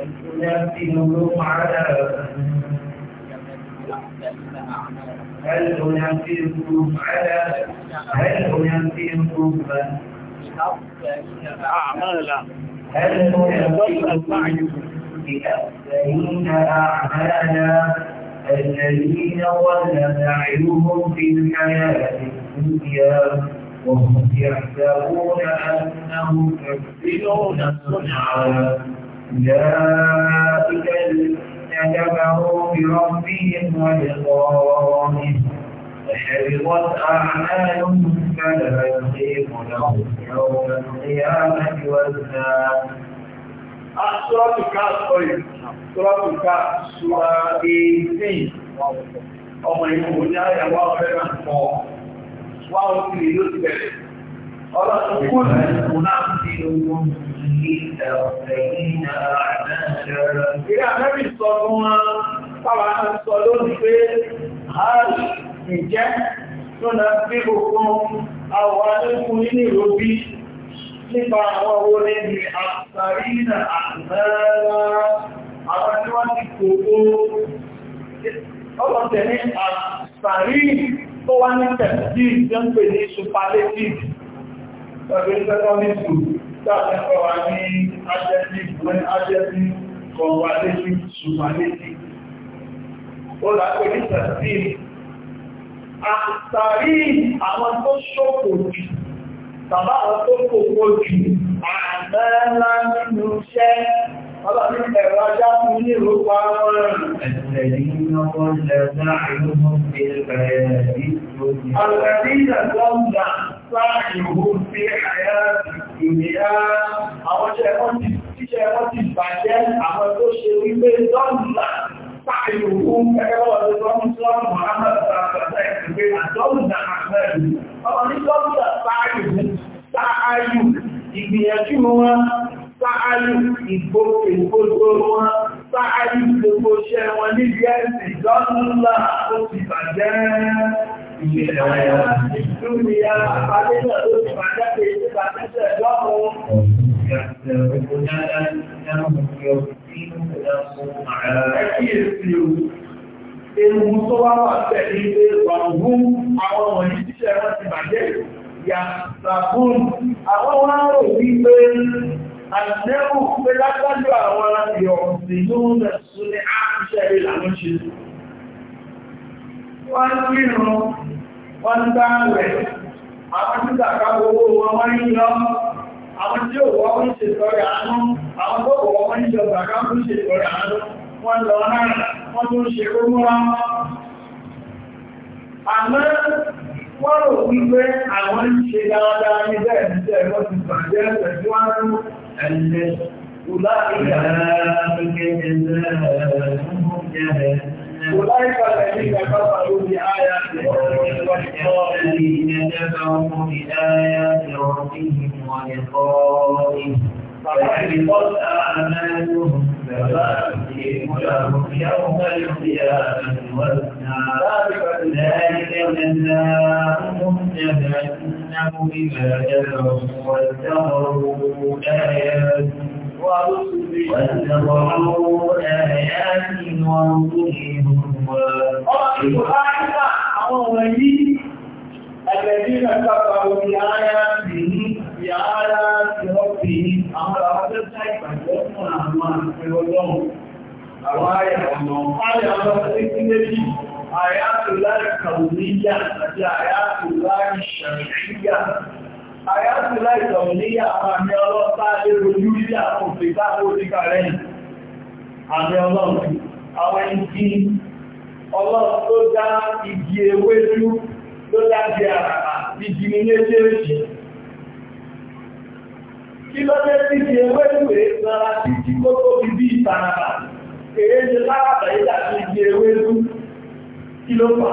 ẹ̀sùn ní àti ìlú máa dára هل أنبئكم على هل أنبئكم أعمالا هل أنبئكم بأفسدين أعمالا الذين ضل سعيهم في الحياة الدنيا وهم يحسبون أنهم يحسنون صنعا أولئك كفروا بربهم ولقائهم فحبطت أعمالهم فلا يقيم لهم يوم القيامة وزنا سورة الكهف سورة الكهف سورة 18 ọmọ ìlú ní àyàwó ọ̀rẹ́ náà pọ̀ wá òkú ìlú ti bẹ̀rẹ̀ ọlọ́run Ìjẹ́ tó na bí gbogbo àwọn alékún nínú ìròbí nípa àwọn owó lẹ́ni àtàrí na àtàrà àwọn tí wọ́n ti kòkó. Ọlọ́tẹ̀ ní àtàrí tó wá ní tẹ̀sí ìjọ́ pè ní superlative Tàbí secondary school, tàbí ẹ̀kọ́ wa ní adjective, when adjective, conversative, superlative. Ó làpé ní 13. Àtàrí àwọn tó ṣòkò jù bàbá àwọn tó kòkó jù àmẹ́lá nínú iṣẹ́ ọlọ́rin ẹ̀rọ ajá fún ní ìrúpa ọ̀rìn ẹ̀sẹ̀rí ọkọ̀ lẹ́gbà ìlú fi bẹ̀rẹ̀ sí ìròyìn ọ̀rẹ́dí ìdàgbọ́gbà sáàyòwò fi àyà ìrìnà àwọn iṣẹ́ wọ́n ti bàjẹ́ àwọn tó ṣe wípé dọ́gbà فاعلهم كما الإمام سلام محمد بن عبد الرحمن ọ̀rọ̀ ní lọ́pọ̀ sáàyù sáàyù ìgbìyànjú wọn sáàyù ìgbòkègbòdò wọn sáàyù gbogbo ṣẹ wọn níbi ẹ̀sìn lọ́nà ó ti bàjẹ́ ìgbìyànjú ìdúnmíyà àpàdé náà ó ti bàjẹ́ pé ìgbàjẹ́ Ewu tó wá wà tẹ̀lé pé ọ̀rùn àwọn wọ̀nyí ṣíṣẹ́ wọ́n ti bàjẹ́ yàtàkùn. Àwọn wá rò wípé àtẹ́kù pé látàjú àwọn ìrọ̀sìn ló ń ní àṣẹ́ ìlànà àwọn tí ó wọ́ wọ́n ṣe tọrẹ àánú àwọn tó wọ́ wọ́n ṣe ọ̀gbàká fún ṣe tọrẹ àánú wọ́n lọ náà wọ́n tó ṣe kó múra àmọ́ wọ́n rò wípé àwọn ń ṣe dáadáa ní bẹ́ẹ̀ ní bẹ́ẹ̀ wọ́n ti bàjẹ́ tẹ̀síwájú أولئك الذين كفروا بآيات ربهم والذين كفروا بآيات ربهم ولقائه فحبطت أعمالهم فبأتهم لهم يوم القيامة وزنا ذلك جزاؤهم جهنم بما كفروا واتقوا آيات واتبعوا آياتي ورسلهم الذين كفروا بآياته بآيات ربهم أمر هذا الشيء فجرمنا عما في اليوم أوايا الله آية الله آيات الله الكونية آيات الله الشرعية àyàtìlá ìtọ̀mù ní àwọn àmì ọlọ́pá lérò lórí àwọn òfèfà oríkà rẹ̀ àmì ọlọ́pù àwọn ìdí ọlọ́pù tó dá ìdí ló dájẹ àràpà ìdí ní méjèèjì kí ló dé sí ewé ewédú rẹ̀ sára sí bí ìtàràpà lára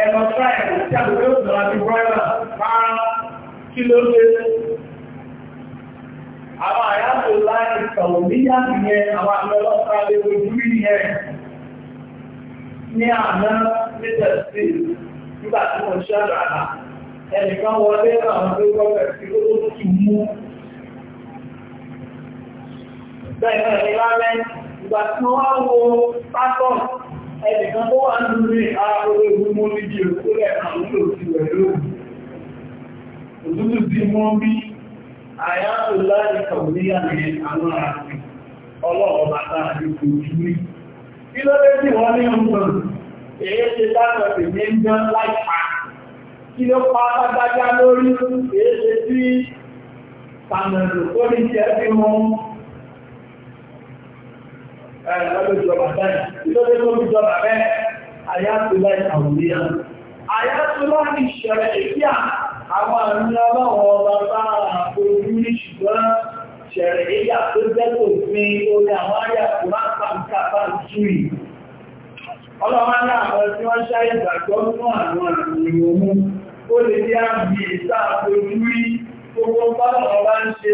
ẹ̀lọ ṣáìwò tí a lórí òṣèlú àti brọ́lá máa kí ló lé àwọn àyàtò láti sọ̀rọ̀ níyà nìyẹn àwọn àmọ́lọ́pàá lè wojú nìyẹn ní àná nítẹ̀sí nígbà tí mo ṣe àgbàlá ẹnìkan wọlé àwọn tó gbọ́gbẹ̀ sí ló tó tù mú bẹ́ẹ̀ ẹnìkan tó wà ní orí ààrẹ ìgbìmọ̀ níbi òkúrẹ̀ àwọn olóòtú rẹ̀ lóòrùn òtútù tí wọ́n bí àyàtò láti kàwòníyà ní àwọn àti ọlọ́ọ̀bá láti kò jú rí kí ló lé sí wọ́n ní ọmọdún èyí ṣe dákọ̀tì ní jọ láìpa kí ló pa pátájá lórí èyí ṣe sí pàmẹ̀lò tó ní jẹ́ sí wọn lọ́lọ́jọba bẹ́ẹ̀ ìtọ́jú tó ń jọba bẹ́ẹ̀ ayátolá ìkàwòlíyà ayátolá ìṣẹ̀rẹ̀ ìfíà àwọn àmì ọlọ́wọ́ ọba bá àfojú ní ṣùgbọ́n ṣẹ̀rẹ̀ ìyà tó jẹ́ kò sí orí àwọn ayàtò máa pàǹkà bá jùì ọlọ́wọ́ ní àwọn tí wọ́n ṣáyẹ̀ gbàgbọ́ fún àwọn àmì òun ó lè jẹ́ àmì ìta àfojú rí Gbogbo bọ́lọ̀ ọba ń ṣe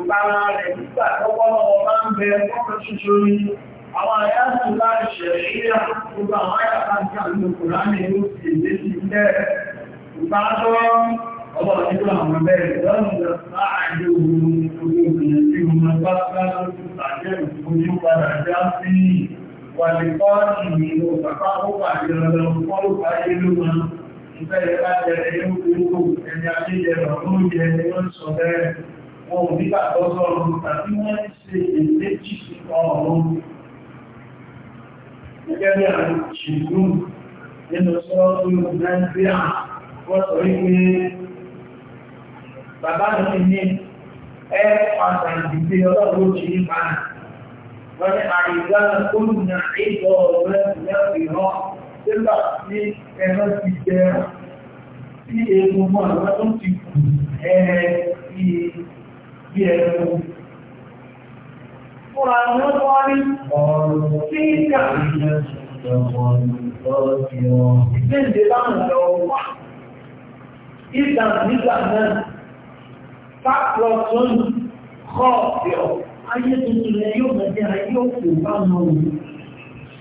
ìpara rẹ̀ nígbà tọ́pọ́lọ̀ ọba ń bẹ ọkọ̀ ṣoṣo ní àwọn àyájú láti ṣẹ̀ṣẹ̀ sí ilẹ̀ àwọn bẹ́ẹ̀ lọ́nà láàájú ogun ó pàdé ọlọ́run fọ́lùpàá yé ló ìbẹ̀rẹ̀ bá jẹ́rẹ̀ ẹni àjíjẹ̀rọ̀ oúnjẹ ni wọ́n sọ bẹ́ẹ̀ wọn ò nígbà tọ́sọ ọ̀run tàbí wọ́n ṣe èdè jìsì ọ̀run gẹ́gẹ́ bí àwọn ṣìlú nínú sọ́ọ̀tún nígbà tí ẹran ti bẹ̀rẹ̀ tí egun mọ́ àwọn tó ti kù ẹ̀rẹ̀ bí ẹ̀rọ. Fún àwọn ọmọ ní ọ̀rọ̀ tí ìkà ìgbẹ́ǹdé láàrín lọ wà. Ìgbà nígbà náà, fàkọ̀ tó ń kọ́ ọ̀pẹ̀ ayé tuntun rẹ̀ yóò mẹ́jẹ́ ayé òkú bá wọn òun.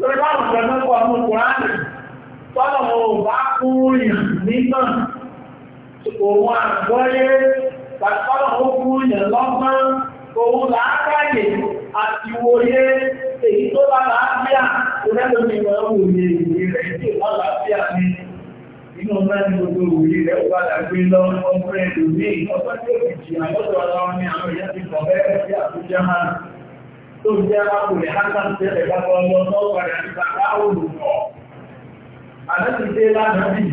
lórí báwọn ìjọ náà pọ̀ ní kùránì tọ́lọ̀ ò bá kúrìn nígbà òun àgbọ́yé tọ́lọ̀ ó kúrìn lọ́gbọ́n òun làákàyè àti wòye èyí tó bá làáfíà ìrẹ́lò ní ìwọ̀n òye ìwé rẹ̀ tí wọ́n làáfíà ní inú mẹ́rin gbogbo òye rẹ̀ wà lágbé lọ́wọ́ ọmọ ẹ̀lòmí ìtọ́sọ́ tí ó fi jì àwọn ọ̀dọ́ ọlọ́run ní àwọn ìyá ti kọ̀ bẹ́ẹ̀ sí àtúnjẹ́ máa tó jẹ́ akùnrin hansan tẹ́ ẹ̀gbàgbọ́ ọmọ náà padà nípa láwùrù pọ̀. Àdájú dé lánàá bì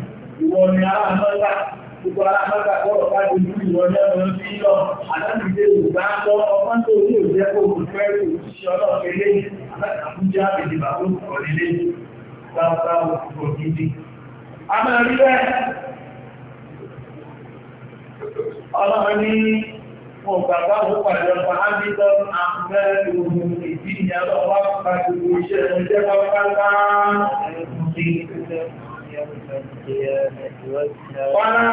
ìwọ ni ará mọ́ta gbogbo ará mọ́ta gbọ́dọ̀ bá dojú ìwọ ní ọmọ sí lọ. Àdájú dé ògbà lọ ọgbọ́n tó ní òjẹ́ kó kò fẹ́ kò ṣiṣẹ́ ọlọ́ọ̀kẹ́ lé àbújá àbèjì bàbá òkùnkọ̀ wọn bàbá wọn pàdé ọba ábídọ́ àmẹ́rẹ́ ìwòrán ìdí ìyàlọ́ wá pàdé iṣẹ́ ẹ̀jẹ̀ pápá Fọ́nà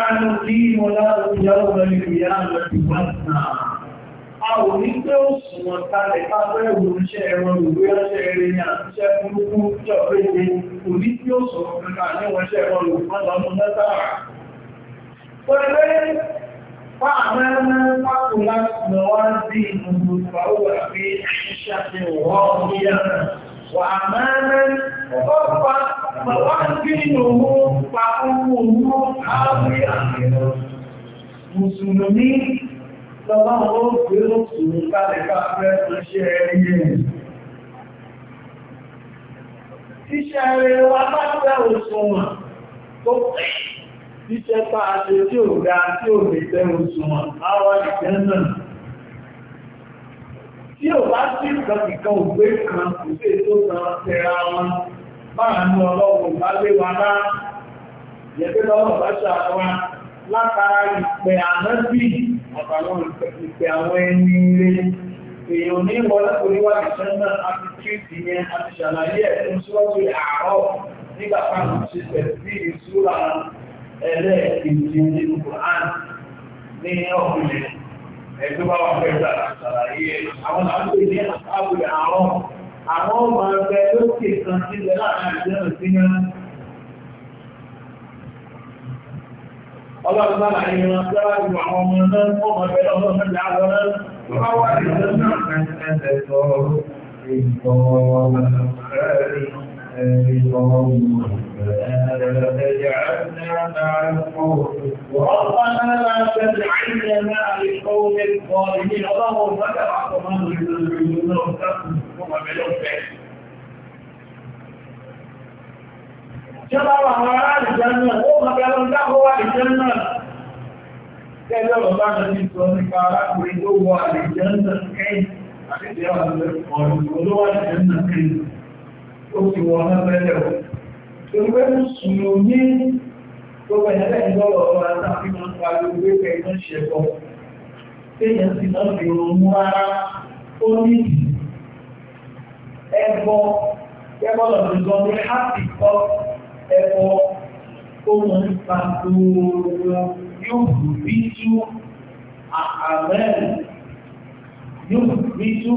ní ìmọ̀lá ìyàwó rẹ̀ ìyá rẹ̀ ti wá náà. A ò ní pé ó sùnmọ̀ kalẹ̀ pápẹ́ ìwòránṣẹ́ ẹ̀rọ ìwé ránṣẹ́ eré ní àtúnṣẹ́ burúkú jọ péje, kò ní tí ó sọ̀rọ̀ kankan níwọ̀nṣẹ́ ìwòránṣẹ́ ọmọ mẹ́tàrà. فأما من ثقلت موازينه فهو في عيشة راضية وأما من خفت موازينه فأمه حاوية Mùsùlùmí lọ́wọ́ ó gbé òṣùlù kalẹ̀ fẹ́ ṣe ẹyẹ. Iṣẹ́ rẹ̀ wá bá fẹ́ òṣùwọ̀n tó pẹ̀lú. Iṣẹ́ pa àṣẹ tí ò ga tí ò lè tẹ́rù súnmọ̀, àwọn ìṣẹ́ náà. Tí ò bá sí ìkàkìkan ògbé kan kò sí ètò kan tẹ́ra wọn, máa ní ọlọ́run bá lé wa bá, yẹ̀bẹ́ lọ́wọ́ bá ṣàwọn látara ìpẹ̀ ànábì àtàwọn ìpẹ̀ àwọn ẹni rẹ̀. Èèyàn ní wọlé oníwàdí sẹ́nà àti tíìtì yẹn àti ṣàlàyé ẹ̀kún síwájú àárọ̀ nígbà táwọn ṣe tẹ̀sí ìṣúra ẹlẹ́ẹ̀kejì nínú Quran ní ọ̀gbìn ẹgbẹ́ bá wọn fẹ́ẹ́ gbà ṣàlàyé àwọn àgbè ní àbúrò àwọn àwọn ọmọ ẹgbẹ́ lókè kan sílẹ̀ láàrin àjẹrò sí ní ọlọ́run bá láàrin wọn sára ju àwọn ọmọ náà wọ́n mọ̀ bẹ́ẹ̀ ọlọ́run mẹ́ta àwọn náà tó bá wà ní ọjọ́ náà بقوم ربنا لا تجعلنا مع القوم ربنا لا تجعلنا مع القوم الظالمين اللهم فتح عقمان للذنوب وما بلوك Jọba wà wọ́n ará ìjẹ́mọ̀, ó mọ̀kẹ́ lọ dákọ́ wà ìjẹ́mọ̀. Kẹ́lẹ́ ọ̀bá náà ti sọ nípa arákùnrin tó wọ àìjẹ́mọ̀ kẹ́yìn àti ìjẹ́ àwọn ọ̀rọ̀ olówó àìjẹ́mọ̀ kẹ́yìn. ó ti wọ́n náà bẹ́lẹ̀ o. Torípé Mùsùlùmí gbogbo ẹ̀yẹ́ lẹ́yìn lọ́wọ́ ọ̀rọ̀ àtàkì máa ń pa gbogbo ẹgbẹ́ ìtàn ṣẹ̀kọ́. Téèyàn sì náà fi ronú ara ó ní ẹ̀bọ ẹ̀bọ lọ́dún gan ní hápì kọ́ ẹ̀bọ ó mọ̀ ń pa gbogbo yóò rí tú àmẹ́rin yóò rí tú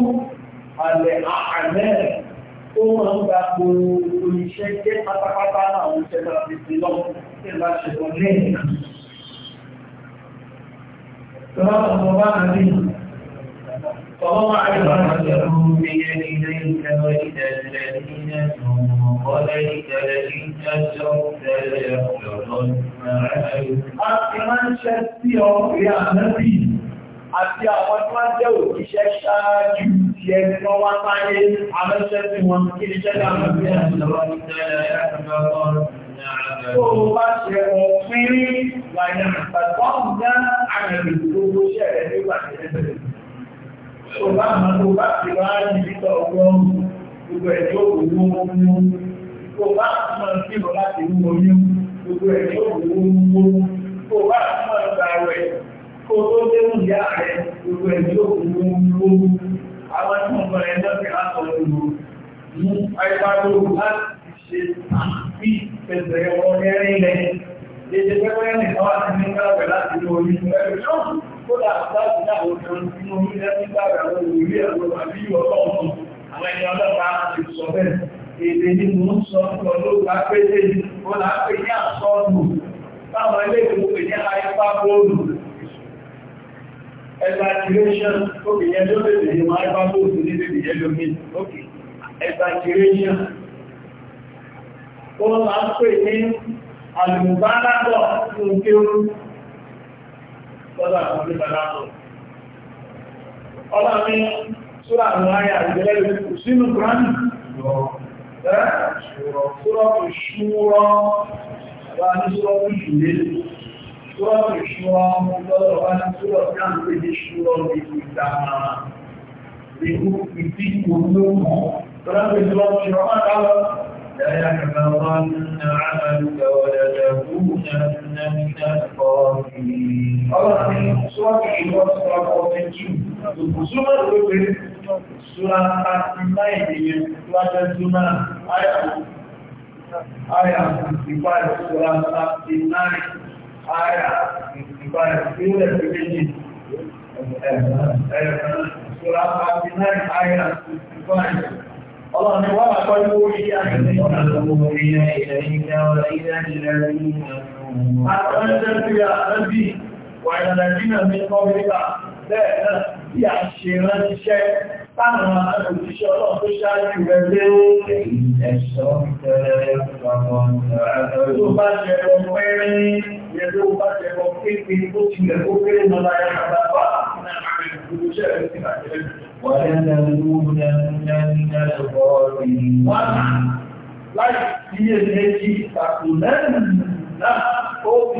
àlẹ́ àmẹ́rin ó máa ń gba gbogbo iṣẹ́ jẹ́ pátápátá náà ń tẹ́lá fífi lọ́wọ́ tí ìlà ṣe wọ́n lẹ́yìn. Tọ́lá ọmọ bá nà ní فوضع رجله بيديه وإلى الذين هم قبلك àti àwọn tó máa jẹ́ òkìṣẹ́ ṣáájú ti ẹni wọ́n wá sáyé alẹ́ṣẹ́ tí wọ́n kí iṣẹ́ dáadáa bí ẹni lọ́wọ́ ní tẹ́lẹ̀ ẹ̀ẹ́dọ́gbọ́n. Tó o bá ṣe ọ̀pìn rí wàyà àtàkọ́n dá àrẹ̀lẹ̀ gbogbo iṣẹ́ rẹ̀ nígbà tí ẹ bẹ̀rẹ̀. Tó bá àmọ́ tó bá ti wá ní títọ́ ọgbọ́n gbogbo ẹ̀ tó kò wó mú. Tó bá àmọ́ sí lọ láti mú oyún gbogbo ẹ̀ tó kò wó mú. Tó bá àmọ́ ìgbà rẹ̀ kó tó dé mú ìyá rẹ̀ gbogbo ẹ̀ tó kò wó mú àwọn tí wọ́n bọ̀rẹ̀ ẹjọ́ sí látọ̀jú mú àìbádó láti ṣe àmì pẹ̀sẹ̀ ọ̀rọ̀ ẹ̀rin lẹ̀. Èdè pẹ́pẹ́ nìkan wà sí ní gbàgbẹ́ láti lo orí fún ẹgbẹ́ náà. Kódà láti náà ó jọ sínú orí lẹ́sìn gbàgbẹ́ àwọn ìwé ẹ̀rọ àbí ọlọ́run. Àwọn ẹni ọlọ́pàá ti sọ bẹ́ẹ̀. Èdè ni mò ń sọ fún ọlọ́pàá pété ni. Mo là ń pè ní àsọ́ọ̀nù. Báwọn ilé exaggeration ókè yẹn ló lè lè máa bá bóòsù ní bèbè yẹn ló mí ókè exaggeration ó máa ń pè ní àlùmùbálápọ̀ fún kéwú lọ́dọ̀ àwọn olùbálápọ̀ ọlọ́mí súra àwọn ayà ìgbẹ̀lẹ́ sínú granny Súrọ̀ ìṣúrọ̀ wà ní súrọ̀ ìṣúrẹ́ sọ́ọ̀tù ìṣúra ọmọ lọ́rọ̀ bá ní sọ́ọ̀tù náà ń pè ní ìṣúra ọmọ ìdámà ìlú ìdí olóòmù tọ́lápẹ̀ sọ́ọ̀tù ìṣúra ọmọ لا يحبطن عملك ولا تكونن من الخاسرين. الله من سورة الشورى سورة 14 سورة الكبير سورة 39 سورة الزمر آية آية 55 سورة 39 àyà ìbáraẹ̀sílẹ̀ sí méjì ẹ̀ẹ̀sọ́lá pàtí náà àyà ìbáraẹ̀ Ọlọ́run ni wọ́n àkọ́ ní orí àìsàn ọ̀nà lọ́wọ́ ilẹ̀ ilẹ̀ ilẹ̀ ọ̀rẹ́ ilẹ̀ ilẹ̀ ilẹ̀ ilẹ̀ ilẹ̀ ilẹ̀ ilẹ̀ ilẹ̀ táwọn àtòjíṣẹ́ ọlọ́run tó ṣáájú rẹ̀ lé ẹ̀ṣọ́ tẹ́lẹ̀ ọmọ tó bá jẹ́rọ pẹ́rin yẹ tó bá jẹ́rọ pínpín tó ti lẹ̀ ó péré lọ́la yára bá bá Láì sí èméjì ìtàkù lẹ́nu náà ó fi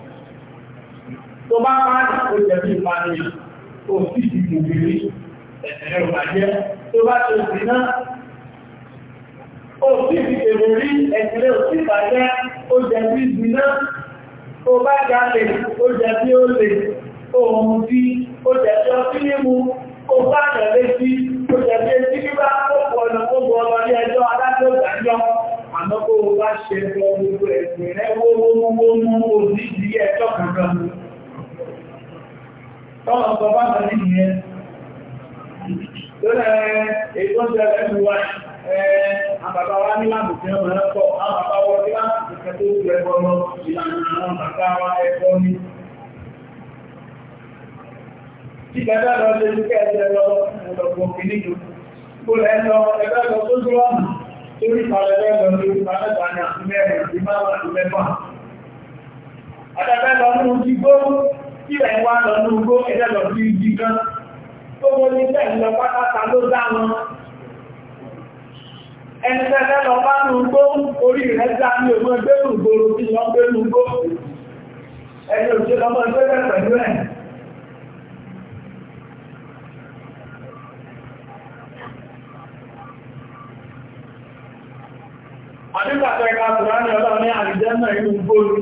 tó bá pàdé ó jẹ̀bí ìpànìyàn ó sì ti mùbìrí ẹ̀sẹ̀rẹ̀ ìbàjẹ́ tó bá ṣe sí náà ó sì ti tèrè rí ẹ̀sẹ̀rẹ̀ òsì ìbàjẹ́ ó jẹ̀bí ìbí náà tó bá jalè ó jẹ̀bí ó lè ohun tí ó jẹ̀bí ọtí mímu ó bá tẹ̀lé sí ó jẹ̀bí etí bíbá ó pọ̀ ọ̀nà ó bọ̀ ọ̀nà ní ẹjọ́ adájọ́ ìdájọ́ àmọ́ ṣe lọ gbogbo ẹ̀sìn wó wó wó mú òsì ìdí ẹjọ́ kankan tọ́lọ̀ sọ bá tọ́ ní ìyẹn lórí èyí tó ń jẹ ẹ̀mí wa àbàbà wa ní láàbù tí wọ́n máa ń kọ́ àbàbà wọ ní láàbù kan tó ju ẹbọ lọ ìlànà àwọn bàbá wa ẹbọ ní. tí bàbá lọ lé ní kẹ́ẹ̀jẹ lọ ọ̀dọ̀gbọ̀n kìíní tó lẹ́ lọ ẹgbẹ́ lọ tó dúró ọ̀nà torí ìpàdé lọ ti gbóòrò tí ẹ̀ wá lọ ní ugbó ẹ̀dẹ́ lọ sí ibi kan tó mo ní bẹ́ẹ̀ pátákà ló dá wọn ẹni tẹ́lẹ̀ lọ bá ní ugbó orí rẹ̀ dá ní ọmọ ẹgbẹ́ ní ugboro tí wọ́n gbé ní ugbó ẹni òṣèlú ọmọ ẹgbẹ́ pẹ̀lú ẹ̀ Àdígbàtọ̀ ẹ̀ka ní ọlọ́run ní àrìjẹ́ náà inú gbóòrùn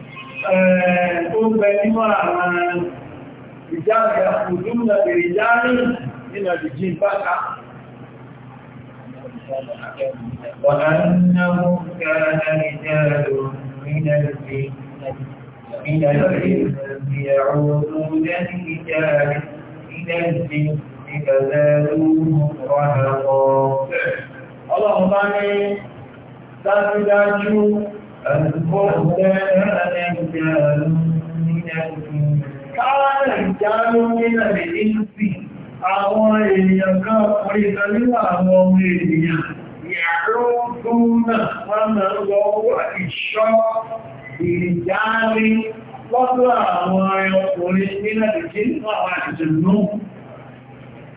tó ń bẹ nímọ̀ àwọn ìjáàgbà òdúnmọ̀ èrè jáàrí nínú ìjì báka. Wọ̀nà nínú kẹ́rẹ́ ní jẹ́rẹ̀ من العلم يعودون الكتاب إلى dájúdájú القرآن رجال من الإنس كان رجال من الإنس àwọn èèyàn kan orí ìtàlíwà àwọn ọmọ ènìyàn ìyàró gómìnà wọ́n máa ń lọ wà ìṣọ́ ìrìjáàrí lọ́dọ̀ àwọn ọkùnrin nílẹ̀ ìjẹ́ àwọn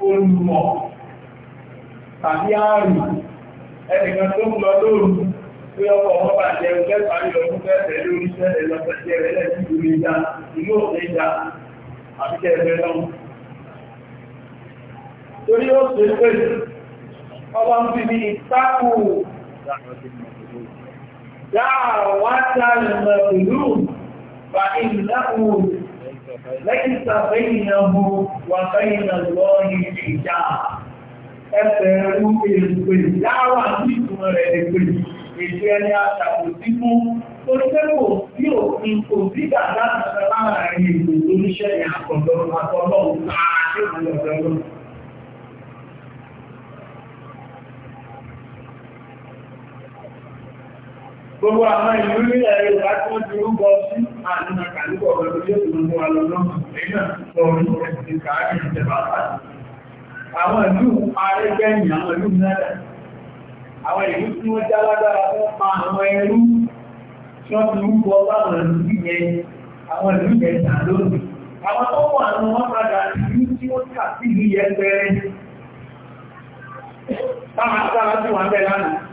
olùmọ̀ tàbí ààrùn ẹnìkan tó ń lọ lóòrùn tó yọ́pọ̀ wọ́n bà jẹ́ ọjọ́ ìparí ọdún fẹ́ẹ̀fẹ́ lórí sẹ́lẹ̀ lọ́pẹ̀ẹ́ rẹ̀ lẹ́sí ìlú ìjà ìlú òfin ìjà àbíkẹ́ ẹgbẹ́ lọ́wọ́ torí ó ṣe pé ọba ń fi ní ìtakù dáàwátà ìmọ̀ ìlú bá ìlú ليس بينه وبين الله حجاب ẹsẹ̀ ẹ̀rú èrùpè dáwà sí ìtumọ̀ rẹ̀ lèpè èdè ẹni àtàkù sí fún oníkẹ́kọ̀ọ́ tí òfin kò sí dàgbà láti ṣe láàárín ètò oníṣẹ́ ìyàkọ̀dọ̀ àtọ́lọ́wọ́ àti ìrìnlọ́dọ̀ Gbogbo àwọn ìlú nílẹ̀ tí wọ́n ti rúbọ sí àdínà kàlùkọ̀ pẹ̀lú yóò tó gbogbo àlọ́lọ́ lẹ́nà sọ orí ẹ̀sìn káàkiri ìjẹba àti. Àwọn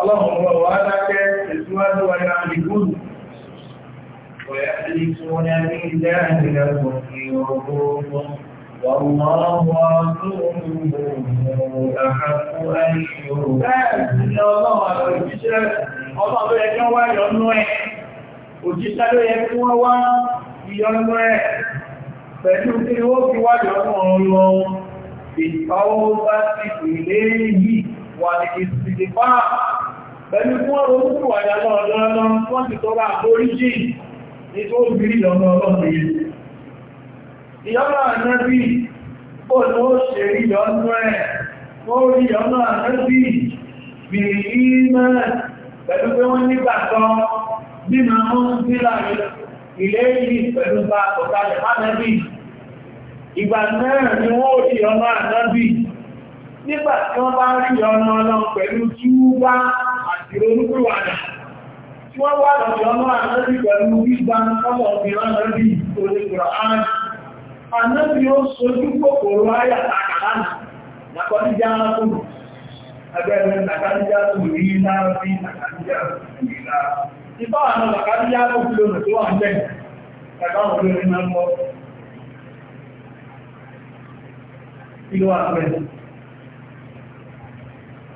ọlọ́run wọn wá dákẹ́ ìsíwájú ọ̀nà ìgbóhùn ويحلفون بالله لكم ليرضوكم والله ورسوله أحق أن يرضوكم Òjíṣẹ́ ló yẹ kí wọ́n wá ìyọnú ẹ̀ pẹ̀lú kí ó fi wájọ fún ọlọ ìpàwọ́ bá ti ìlé yìí wà ní ìsìnkú pẹ̀lú fún ọ̀rọ̀ oúnjẹ́wàdà lọ́ọ̀lọ́lọ́ wọ́n ti tọ́rọ àforíjì ní tó ń lọ́nà ọlọ́pẹ̀ yìí ìyọ́nà ànábì ó ní ó ṣe rí yọ́nà ẹ̀ ó rí yọ́nà ànábì bí i pẹ̀lú pé wọ́n nígbàtọ́ ìrònúkúwàdà tí wọ́n wà lọ́dí ọmọ ànábì pẹ̀lú gbígbà ọmọ ìrìn ànábì olùgbòrò ààrùn ànábì ó sojú kòkòrò ayà àkàlánà nàkọ́díjá ákùnù agbẹ́rin nàkàdíjá tó rí lára sí nàkàdíjá ìbá àwọn nàkàdíjá tó fi lónà tó wà ń bẹ̀ kàkàwọn olórin máa ń bọ́ kí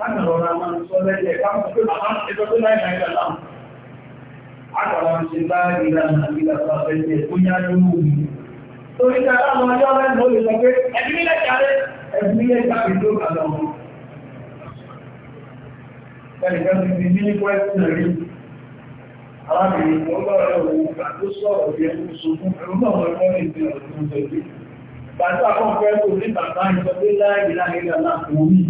káàkiri ọ̀rọ̀ máa ń sọ lẹ́yẹ káàkiri pé bàbá ẹjọ́ tó láì láì lọ́la àkàrà ń ṣe bá ìlànà ìlànà ẹ̀jẹ̀ tó yá lóhùn mi torí ká láwọn ọjọ́ rẹ̀ ló lè sọ pé ẹ̀bí nílẹ̀ jáde ẹ̀bí nílẹ̀ jáde tó bà lọ ẹnìkan ti di bí ní pẹ́ẹ́sì rí arábìnrin kan lọ́rọ̀ òun gbà tó sọ̀rọ̀ bí ẹkún sunkún ẹ̀rọ náà wọ́n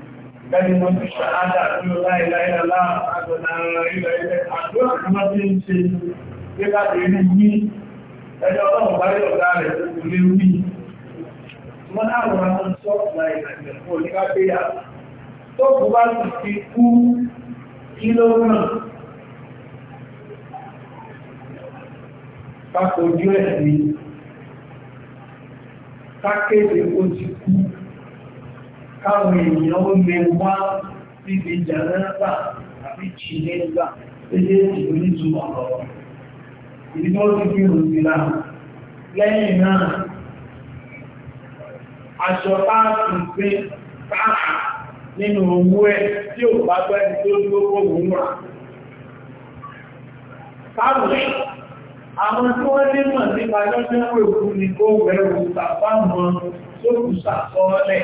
كلمة الشهادة أن لا إله إلا الله أن لا إله إلا الله àdúrà kan máa ti ń ṣe gẹ́gà lè rí ní ẹjọ́ ọlọ́run bá yọ̀ ọ̀gá rẹ̀ kò lè rí wọ́n láwọn ọmọ sọ láì àjẹ̀kọ́ nígbà pé a ẹ̀ sí kákéde ó ti kú káwọn èèyàn ó lè wá síbi jẹ̀rẹ́rẹ́bà àbí jìnẹ́gbà lédè ìlú nítumọ̀ lọ́wọ́. Ìdí ti fi rò sí náà. Lẹ́yìn náà, aṣọ táàkì pé káàkà nínú owó ẹ̀ tí ò bá gbẹ́ ti tó gbogbo òwúrà. Káàkì, àwọn tí wọ́n ní mọ̀ nípa lọ́jọ́ ìwé òkú ni kó wẹ̀rù tàbá mọ́ sókùsà sọ́ọ́lẹ̀.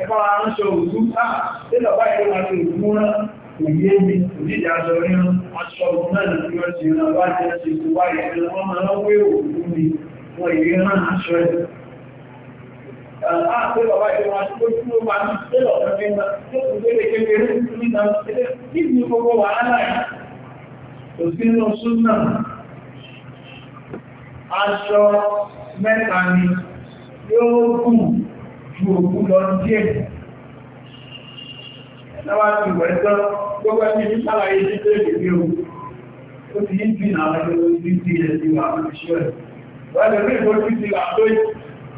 ẹ̀kọ́ aránṣọ òjú táà tẹ́lọ̀ bá ìlú àti òjú rán òye mi òjíjà aṣọ rírun aṣọ náà ní kí wọ́n ti rán wá jẹ́ ti ti wá ìlú wọ́n máa ń wé òkú mi wọ́n ìwé rán aṣọ ẹ̀ Ààrẹ bàbá ìjọba àti ojú ọmọ àti tẹ́lọ̀ ọ̀rẹ́ mẹ́ta tó kù lé kékeré nígbà tẹ́lẹ̀ kí ni gbogbo wàhálà yìí? Kò sí inú aṣọ mẹ́ta ni yóò gùn ju lọ díẹ̀ ẹ̀lọ́wà ti wẹ̀ gbogbo ẹni ní sàlàyé ní tẹ́lẹ̀ ní o ó ti yí bí náà lọ́wọ́ sí ti ẹ̀ ti wà ní iṣẹ́ rẹ̀ wọ́n lè rí ìbò sí ti wà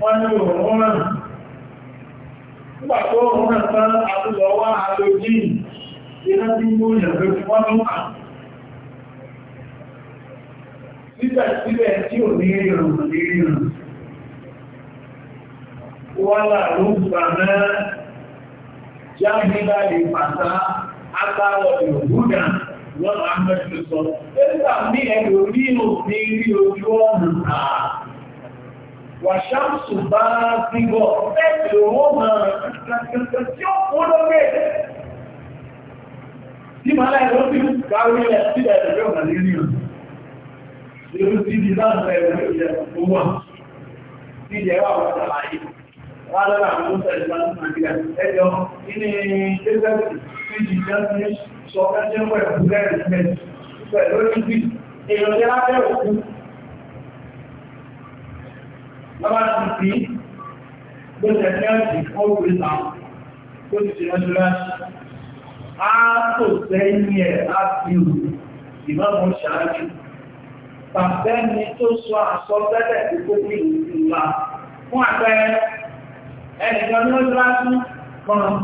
wọ́n ní òun rán nígbà tó òun rán tán àtúlọ̀ wá àlòjíì iná tí ó yàn lójú wọ́n ló kà síbẹ̀síbẹ̀ wọ́lá ló gbàmẹ́ jáde láì pàtà àtàwọ̀ ìrògúdà lọ́nà àmẹ́sì sọ. Ẹ́sà ní ẹ̀rọ ní òfin rí ojú ọ̀nà tàà. Wàṣáàsù bá síbọ̀ ẹ̀sì owó máa kàkàkà tí ó kó lókè. Tí màá láì di láti ẹ̀rọ wọ́n tàbí wọ́n lọ́nà àwọn ọmọ tẹ̀lé wọn ní nàìjíríà ẹjọ́ nínú ẹgbẹ́sì fíjì jẹ́sí sọ ẹjẹ́ pẹ̀lú bẹ́ẹ̀rẹ̀ mẹ́sì pẹ̀lú orí èèyàn jẹ́ lábẹ́ òkú lọ́wọ́ ti fi gbọ́sẹ̀ mẹ́sì ọkùnrin náà tó ti ṣe mẹ́sùlá á tò sẹ́yìn ẹ̀ láti rù ìmọ̀mọ̀ ṣáájú tàbẹ́ni tó sọ àsọtẹ́lẹ̀ tó kó fún ìlú ńlá fún àpẹẹrẹ ẹnìkan ní ọjọ́ láti kan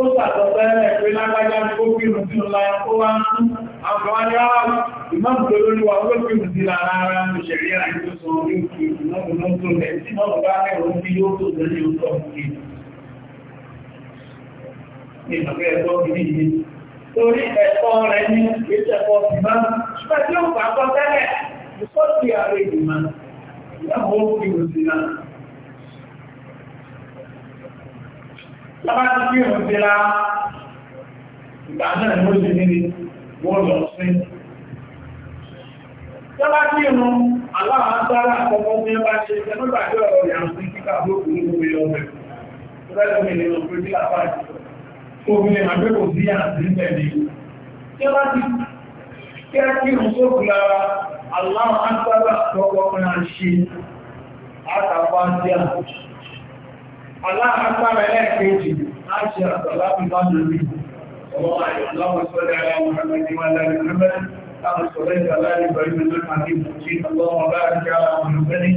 ó sàtọ̀pẹ́ ẹ̀pẹ́ lágbájá ní ó kírù sí ọlá ó wá ń tún àgbàwájá ah, ìmọ̀bùdó lórí wa ó kírù sí lára ara ní ṣẹ̀rí àìsí sọ orí òkè ìmọ̀bùdó tó lẹ̀ tí mọ̀bù bá mẹ́rọ tí yóò tó lẹ́lẹ́ òtọ́ òkè ìgbàgbé ẹ̀tọ́ ìdíje torí ẹ̀tọ́ rẹ̀ ní ìgbésẹ̀kọ́ ìmọ̀ ṣùgbọ́n tí ó pàkọ́ tẹ́lẹ̀ ìfọ́sí ààrẹ ìgbìmọ̀ ìyàwó kírù sí lára Lábá ti kí ìrùn ti ra ìgbà náà ló lè nílé wọ́n lọ sí. Lábá kí ìrùn aláwọ̀ sára àkọ́kọ́ ní ẹbá ṣe ẹnúgbàjọ́ ọ̀rọ̀ ìyàwó kíkà lókùnrin gbogbo ọ̀rẹ́. Rẹ́lẹ́mì ni ọ̀pẹ́ bí àpáàdì. Obìnrin àgbẹ́kò sí àti ìbẹ̀lẹ̀. Tí ti kí á kí ìrùn sókù aláàpára ẹlẹ́ẹ̀kejì láti àtọ̀lápìlá lórí ọwọ́ àìyànláwọ̀ sọ́lẹ̀ àwọn ọmọdé wà láàrin mẹ́rin láwọn sọ̀rọ̀ ìgbàláàrin bẹ̀rẹ̀ mẹ́rin àti ìbùkí ọlọ́wọ́ bá rí ara àwọn olùgbẹ́ni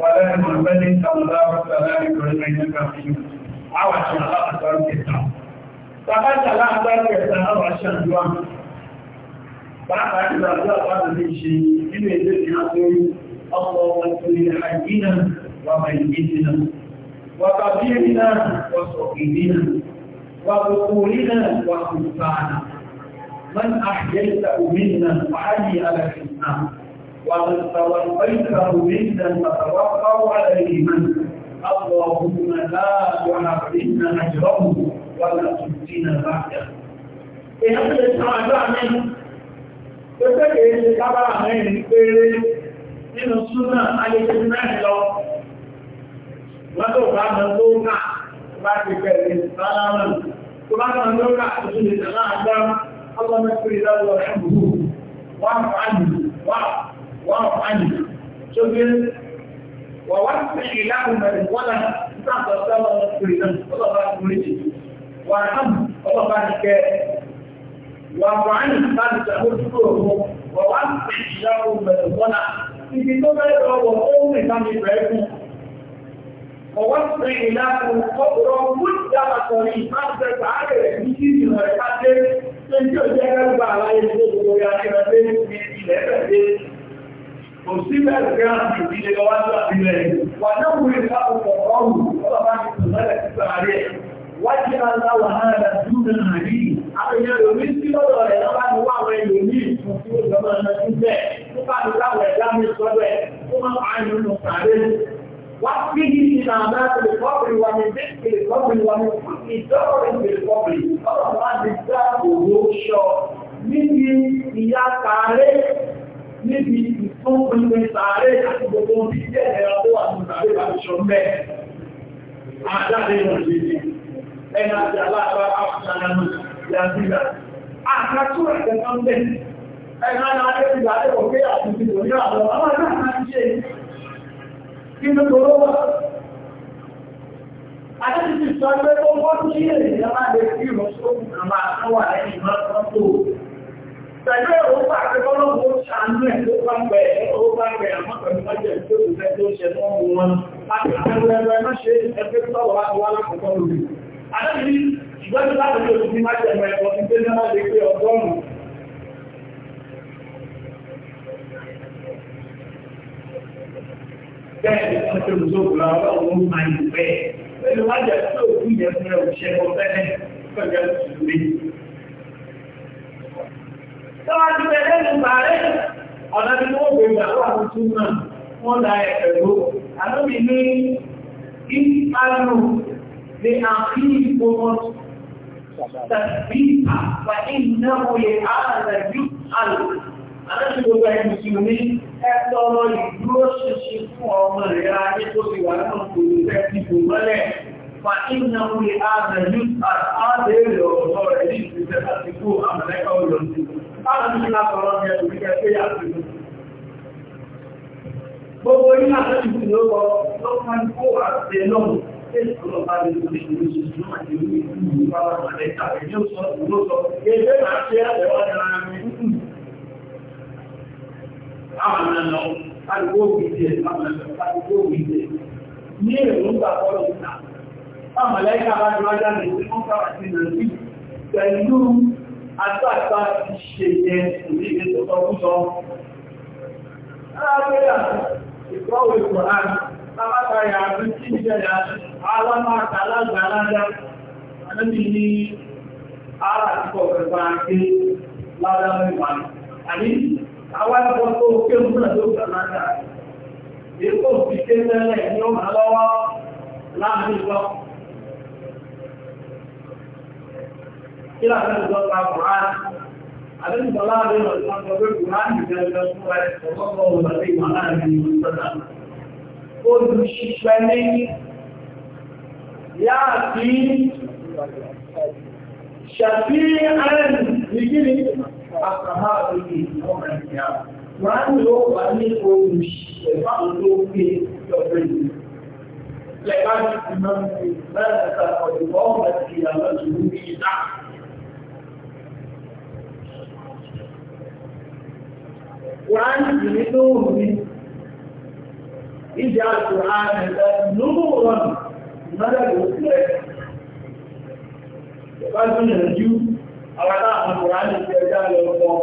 wà láàrin mọ̀lẹ́ni táwọn láwọn sọ̀rọ̀ ìgbàláàrin bẹ̀rẹ̀ mẹ́rin àti ìbùkí àwọn àṣà àtàrí kẹta. Bàbá ìṣàlá àtàrí kẹta àwọn àṣà àdúrà. Bàbá ìṣàlá àtàrí ṣe nínú èdè ìrìnàjò ọkọ̀ ọ̀pọ̀ ìrìnàjò wà bàyìí وكبيرنا وصغيرنا وذكورنا وانثانا من احييته منا فحي على الاسلام ومن توفيته منا فتوقع عليه من اللهم لا تعذبنا اجره ولا تجزينا بعده èyí tó lè san àdúrà mẹ́rin tó tẹ́lẹ̀ ṣe kábàrà mẹ́rin péré nínú súnà mẹ́rin lọ wọ́n tó bá mọ́ tó kà bá ti bẹ̀rẹ̀ sálámà tó bá mọ́ tó kà tó lè sàlá àgbá ọlọ́mọ pé lọ́wọ́ ṣàbùkù wà fàánì wà wà fàánì tó gbé wà wá sí ìlànà rẹ̀ wọ́n náà sáàtọ̀ sọ́lọ́ pé lọ́wọ́ ṣàbùkù ó ń rìn sáà ووصل إله قبره مدة طريق حتى تعالى يجي من الحاجة تنجو جرب على يجب ويأخذ من إلى Òsílẹ̀ ìgbẹ́ràn ìdílé ọwá tó àbílẹ̀ wà náà wúrí lápòpọ̀ ọrùn ọlọ́bá ní ìpínlẹ̀ títà rẹ̀. Wájí aláwà náà rẹ̀ dúdú náà rí. Àwọn èèyàn lò ní sí lọ́dọ̀ rẹ̀ lọ́bá ní wà àwọn èèyàn ní ìfún tí ó jọmọ́ ẹ̀nà síbẹ̀. Ó bá ní láwọ̀ ẹ̀dá mi sọ́dọ̀ ẹ̀. Ó máa ń pa وفيه من عمات القبر ومن ذكر القبر ومن كل دور في القبر ọlọ́pàá ti dá òwò ṣọ níbi ìyá sàárè níbi ìfúnpinpin sàárè àti gbogbo bí jẹ́ ẹ̀rọ tó wà ní sàárè bá ti ṣọ mẹ́ àjáde ìrìnlẹ̀ ẹ̀nà àti aláàbá àfúnṣàlánà yàtìgbà àkàtú ẹ̀kẹ́ kan bẹ́ẹ̀ ẹ̀nà àti àjẹ́ ìgbà àjẹ́ òkè àti ìgbòmíràn àwọn ọmọ náà ti ṣe nínú tòró wà. Adébí sọ pé ó wọ́n tí ènìyàn máa lè fi ìrọ̀sókùn àmà àtúnwà lẹ́yìn máa tán tó. Pẹ̀lú ẹ̀rọ pà ṣàánú ẹ̀ tó bá ẹ̀ ó bá ń bẹ̀ tó kù fẹ́ tó ṣe mọ́ ohun wọn. Àti ti bẹ́ẹ̀ ni wọ́n ṣe lùsọ́gbù la ọlọ́run ó máa yìí bẹ́ẹ̀ pẹ̀lú wá jẹ́ tó òkú yẹn fún ẹ òṣìṣẹ́ kan fẹ́lẹ́ pẹ̀lú ìṣúlé. Tọ́wájú ẹgbẹ́ ní bàárẹ̀ ọ̀nà tí wọ́n gbé gbà wà ní túmọ̀ wọ́n da ẹ̀fẹ̀ ló. Àlóbi ní ìpánù ní àfi ìfowó tàbí àpá ìnáwó yẹ ààrẹ yóò àti gbogbo ẹni mùsùlùmí ẹ̀tọ́ ọmọ ìdúró ṣinṣin fún ọmọ rẹ̀ ayé tó ti wà nínú kòrò rẹ̀ ti bò mọ́lẹ̀ fa ìnà orí ààrẹ ààrẹ èrè ọ̀rọ̀ rẹ̀ ní ìgbésẹ̀ láti kó àmàlẹ́kà ọ̀rọ̀ sí Gbogbo ní àtàkùn ló kọ́ lọ́pàá kó àti ẹlọ́run Ìjọba bá ní ìlú ìṣòro àti ìlú ìlú ìwà àwọn ọ̀rẹ́ ìtàkì ní ó sọ ìlú sọ, èdè máa ṣe àtẹ́wọ́ ìrànà ìlú àmàlà lọ àdúgbò òwìdí ẹ̀ àdúgbò òwìdí ẹ̀ ní èròǹgbà fọ́lọ̀ ìta àmàlà ìka bá jọ ajá lè tí wọ́n káwà sí nàìjí pẹ̀lú àtàkà ìṣẹ̀yẹ òdíje tó sọ fún sọ alábẹ́yà ìkọ́wé kòrán lábátayà àti tíjẹ̀yà alámàkà alágbàlájá àdébì ní ara àti kọ̀ọ̀kẹ̀ bá ń gbé lábẹ́ mẹ́wàá àwọn ẹ̀kọ́ tó kéwù náà ló gbà máa dà èkó fi ké tẹ́lẹ̀ ní ọmọ lọ́wọ́ láàrin ìgbọ́ kí láti ìjọ pa kùrán àdéhùn láàrin ọ̀sán tó gbé kùrán ìjẹun fún ẹ̀ ọ̀pọ̀pọ̀ òṣèlú ìwà láàrin ìlú sọ́dà olùṣiṣẹ́ ní yáàfin ṣàfihàn ìgbìmọ̀ àtàhàbìlì ọmọ ìyá. Kùránì ló wà ní ohun ìṣẹ̀fà ló gbé lọ́pẹ́ yìí. Lẹ́gbàá ti ti máa ń fi bẹ́ẹ̀ ta ọ̀dùnkọ́ ọmọ ti àwọn ìlú ní ìdá. Kùránì Ìbájú Nàìjíríà àwọn aláàmọ̀ kòránì ti ẹjá lọ pọ̀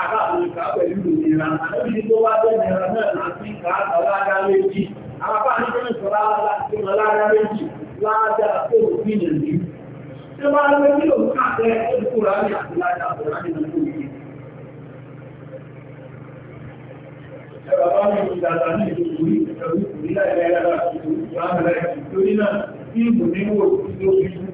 àbáàmù ìkà pẹ̀lú ìlera àtàbí tó wá bẹ́ẹ̀ nìra náà láti ìkà ọlága méjì àbábá ní kí ní sọ̀rọ̀ aláàmù ọlága méjì láàdá tó bí nìyí tí ó bá lé ní òun kàtẹ́ olùkúránì àti láàdá kòránì nínú ìlú ẹ̀rọ bá ní ìdàgbà ní ìlú ìlú ìlú ìlú ìlú ìlú ìlú ìlú ìlú ìlú ìlú ìlú ìlú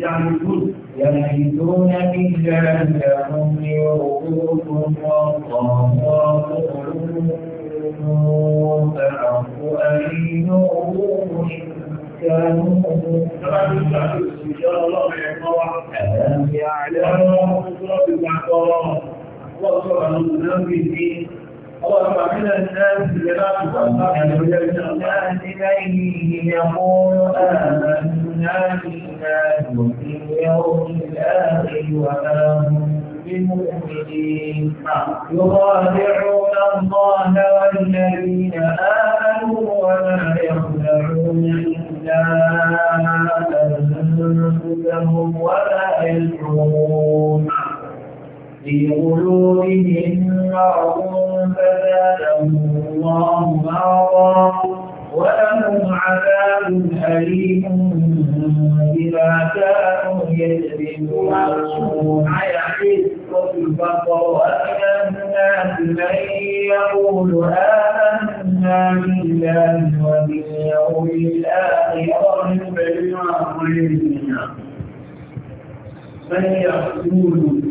يعبدون يمهدون إلا لهم يرضوكم والله أحق أن يرضوه كانوا ألم يعلموا وصلوا المنافقين اللهم من الناس الناس إليه يقول آمنا بالله وفي اليوم الآخر وما هم بمؤمنين يخادعون الله والذين آمنوا وما يخدعون إلا أنفسهم وما يشعرون في قلوبهم مرض فزادهم الله مرضا ولهم عذاب أليم بما كانوا يجرمون يحق البصر ومن الناس من يقول آمنا بالله وباليوم الآخر بل يعمل من يقول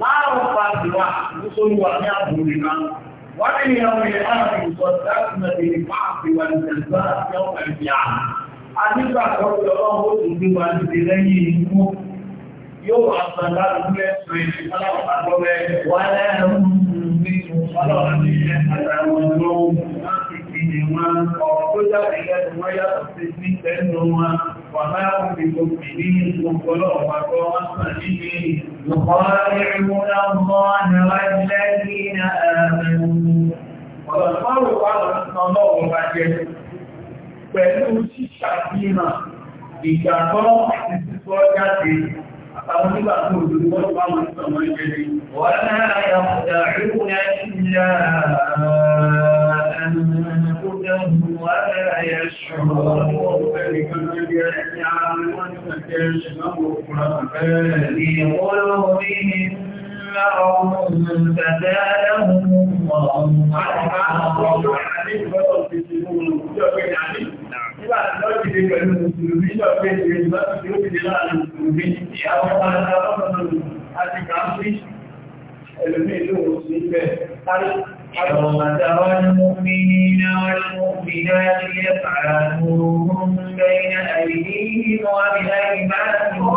láàrùn fàájìwá ìrúsọ́lúwà ní àbúrí náà wọ́n ní àwọn ìrìnàmì ìsọ̀tà ìsinmi fàájìwá ìjẹ̀lúwà àti ọ̀pẹ̀ ìyá àdígbà kọ́kọ́ ọlọ́run ó tún bí wa ti lẹ́yìn inú yóò wà sàn lárúgbó ẹ̀sùn ìṣẹ́ ọlọ́run àgbọ̀bẹ̀ wà lẹ́rùn ní ọlọ́run ní àtàwọn ọlọ́run láti fi ní wọn kọ́ tó jáde lẹ́nu wọ́n yàtọ̀ sí ní tẹ́nu wọn وما هم بمؤمنين وقلوا وقوصنين يخادعون الله والذين آمنوا والفرق على الصلاة والجنة pẹ̀lú ṣíṣàfihàn ìgbàgbọ́ àti sísọ́ jáde وما يخدعون إلا أنفسهم ولا يشعرون في قلوبهم مرض فزادهم الله مرضا nígbà tí ó ti dé pẹ̀lú mùsùlùmí lọ pé ìwé ìgbàtí tí ó ti dé láàrin mùsùlùmí ní àwọn ọmọdé ọlọ́run àti kàáfí ẹlòmí ìlú òsì bẹ̀ وَمَثَلُ الْمُؤْمِنِينَ وَالْمُؤْمِنَاتِ يَسْعَىٰ نُورُهُم بَيْنَ أَيْدِيهِمْ وَبِأَيْمَانِهِمْ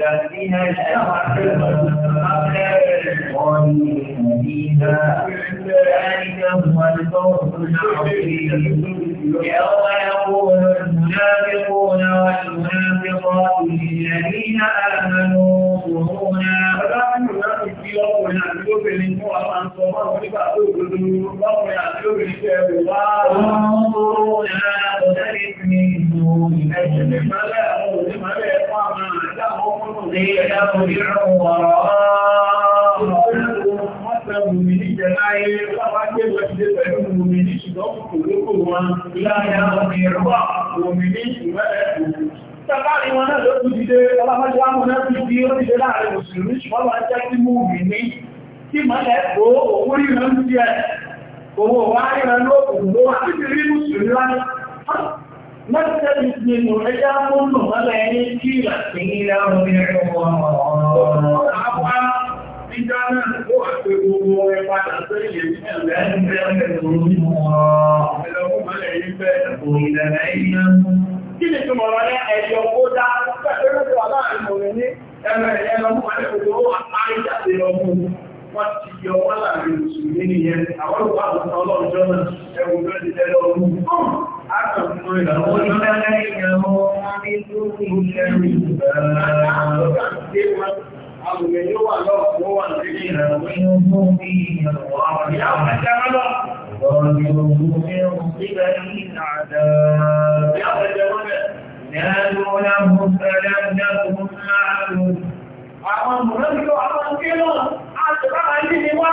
من ذلك هو الفوز يوم يقول المنافقون والمنافقات للذين آمنوا ظهورنا فلا ننافي في ربنا عدوب لنوع عن صمر ولبعض الجدود ربنا عدوب لشاب وانظرنا وذلك من دون أجل فلا مظلم لقام لهم يرجع وراءهم وسلم من جماعي فرق المسجد المؤمنين ضم قلوبهم لا يغفر بعض المؤمنين ملكهم Tàbárin wọn náà ló tún dìde, ọlọ́mọ́jọ́ ámú náà tún di ó dìde láàrin Mùsùlùmí ṣùgbọ́n wọ́n jẹ́ kí mú mi ní kí mọ́lẹ̀ kó owó ríran ń jẹ́ owó wá ríran lóòkùn ló wà títí rí Mùsùlùmí wá ní. Ah, mọ́tẹ́ nínú ẹjá múnù mọ́lẹ̀ ní kí ìlàtí ilẹ̀ ọmọdé rẹ̀ wọ́n. Àwọn ìjọ náà kó àpẹ gbogbo ẹ padà sí ilé ìṣẹ̀lẹ̀ ń bẹ́ẹ̀ kí ni túnmọ̀ rọ ní ẹ̀yọ kó dá pẹ̀lú ẹ̀rọ wà láàrin mọ̀rẹ̀ ní ẹ̀rọ ẹ̀yẹ lọ́mú wọn ní òjò jáde lọ́mú wọn ti yọ wọn láàrin àwùjọ yóò wà lọ yóò wà lórí ìrànwọ́ yóò bí ìrànwọ́ àwọn ìyá àwọn ẹja máa lọ. Ọ̀rọ̀ yóò mú mi ò sí bẹ́ẹ̀ ní àdá. Ìyá àwọn ẹja wọ́n bẹ̀. Ìyáàlú láwọn fẹ́rẹ́ dákun máa lò. Àwọn mọ̀lẹ́bí lọ àwọn kí lọ, àtẹ̀bá máa ń dín ní wá.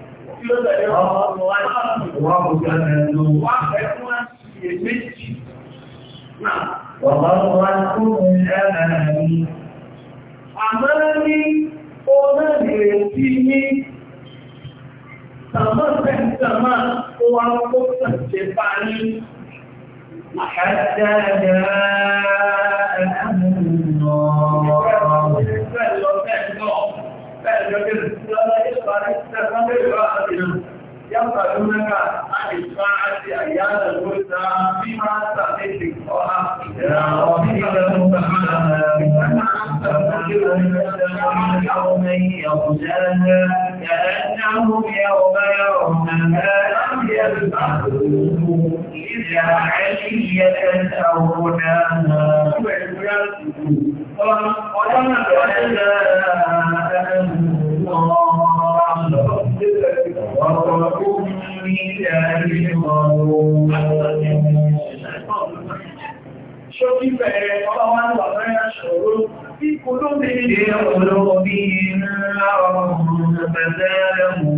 وغرتكم الأماني أماني ونذرتني تمسك السماء وانقص الجبال حتى جاء أمر الله يسألونك عن الساعة أيام المرسى بما تحدث القرآن يا ربي لهم تعالى بأن أنت يوم يخشاها كأنهم يوم يرونها لم يلبثوا إذا علية أولها وَلَمَّا أَنَّ اللَّهَ Ṣọ́kí bẹ̀rẹ̀ ọba wá ní wàtọ́ ìrìn àṣọ̀rọ̀ tí kò ló ń bèèrè ìdíyẹ̀ olóòrò bí ńlá ọmọ bẹ̀rẹ̀ ẹ̀mù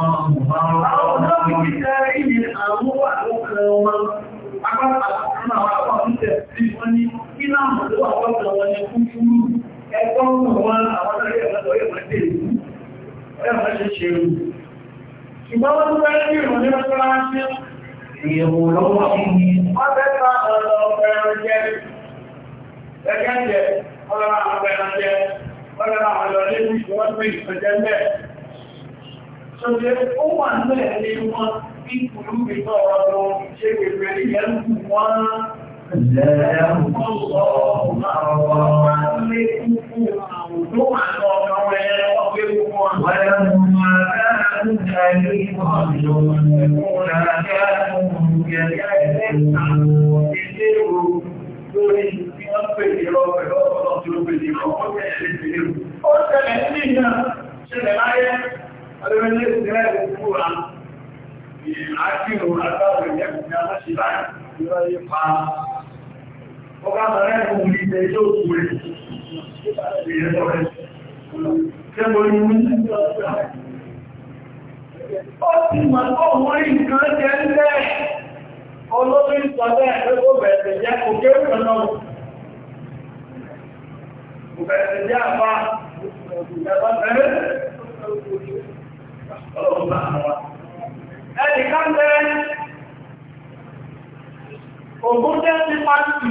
ọmọ àwọn ọmọ ìjẹ́ ìrìn àwọn àwọ́kọ̀ wọn. Apáta àwọn àwọn àwọn ìjẹ́ tí wọ́n ní kí láàmù tó àwọn ọ̀pọ̀ wọn ni fún fúrú ẹgbọ́n wọn àwọn ọ̀rẹ́ ẹ̀mọ́ ẹ̀rọ ṣe ṣe rú ṣùgbọ́n wọ́n tó bẹ́ẹ̀ sí ìrùn ní mọ́sánláṣí ìyẹ̀wò lọ́wọ́ wọ́n bẹ́ẹ̀ bá ọ̀rọ̀ ọ̀pẹ̀rẹ̀ jẹ́ ẹgbẹ́ jẹ́ ọlọ́rọ̀ ọ̀pẹ̀rẹ̀ jẹ́ ọlọ́rọ̀ ọ̀rọ̀ lẹ́bí wọ́n pè ìpẹ̀jẹ́ mẹ́ ṣoṣe ó wà nílẹ̀ ní wọn bí kùlú mi tọ́ ọ̀rọ̀ ṣe pèpè ìyẹn kù wọ́n Ìrìn àjò àtàwọn ìyẹ̀kùn ni a ọba mẹ́rẹ́ ìwọ̀n ìgbẹ̀ tó kúrò ìyẹ́ tọ́rẹ Ṣẹ́gbọ́n ni wọ́n ń tọ́ta. Ó ti mọ̀ ọmọ ìkan jẹ́ ń bẹ́ẹ̀. Olóbin sọ bẹ́ẹ̀ pé ó bẹ̀ẹ̀sẹ̀ jẹ́ kò kéèrè ọ̀nà. Kò bẹ̀ẹ̀sẹ̀ jẹ́ àpá. Ẹ̀bọ́n bẹ̀rẹ̀. Ọlọ́run bá àwọn. Ẹnìkan jẹ́ ti pàtàkì.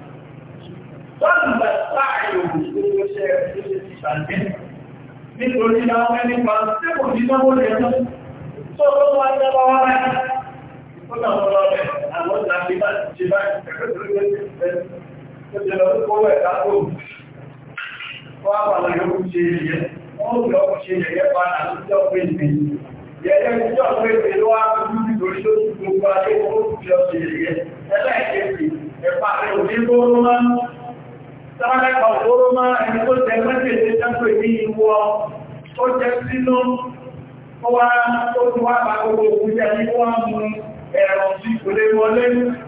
wọ́n ti ṣàǹdẹ́ nítorí àwọn ẹni pa tí kò ní náwó lè tó ló wá àwọn ìlànà bá ti ṣe báyìí ẹgbẹ́ sí kówó rẹ̀ ò ní máa ń sáàrẹ́kà òkóró máa ẹni tó jẹ mẹ́tẹ̀ẹ̀ẹ́ tẹ́kù èdè ìwọ ó jẹ sínú ó wá ó ti wá bá gbogbo òkúta ní wọ́n mú ẹ̀rọ sí ìpòlé wọlé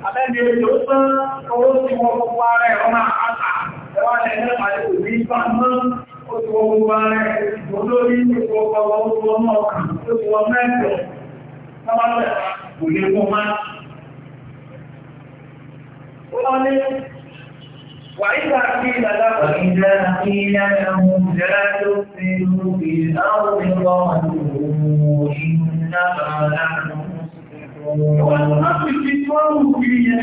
abẹ́ni èdè ó sán owó tí wọ́n gbogbo ara ẹ̀rọ máa àtà ẹwà lẹ́yìn àti òbí bá mọ́ ó ti وإذا قيل لهم وإذا قيل لهم لا تفسدوا في الأرض قالوا إنما نحن مصلحون والمنافقين قالوا فيه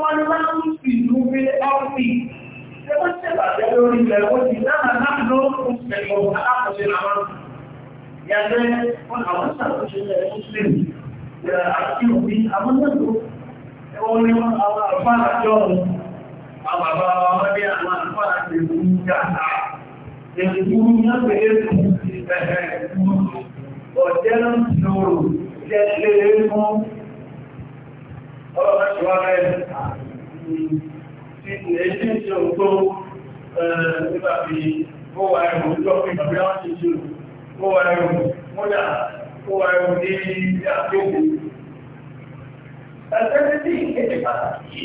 وأن لا تفسدوا في الأرض لقد سبق لهم الأول إنما نحن مصلحون أقصد الأمر يعني والأول سبق المسلم أكثر من أمر نحن ومن أفعال الجواب àwọn bàbá wọn ní àwọn àfáà ti mú gàtà èkú yánpẹ̀ èkú ẹ̀ẹ̀ ẹ̀kú ọ̀jẹ́ ń lòrò jẹ́ lé e mú ọlọ́pàá ti wá rẹ̀ ti èyí ṣe ògbó nígbà fi ó wà ẹ̀rù ìjọ pé ìgbàgbé wọn ti ṣe ó wà ẹ̀rù mọ́dà ó wà ẹ̀rù ní ilé àgbègbè. Ẹgbẹ́ tí ìkéde pàtàkì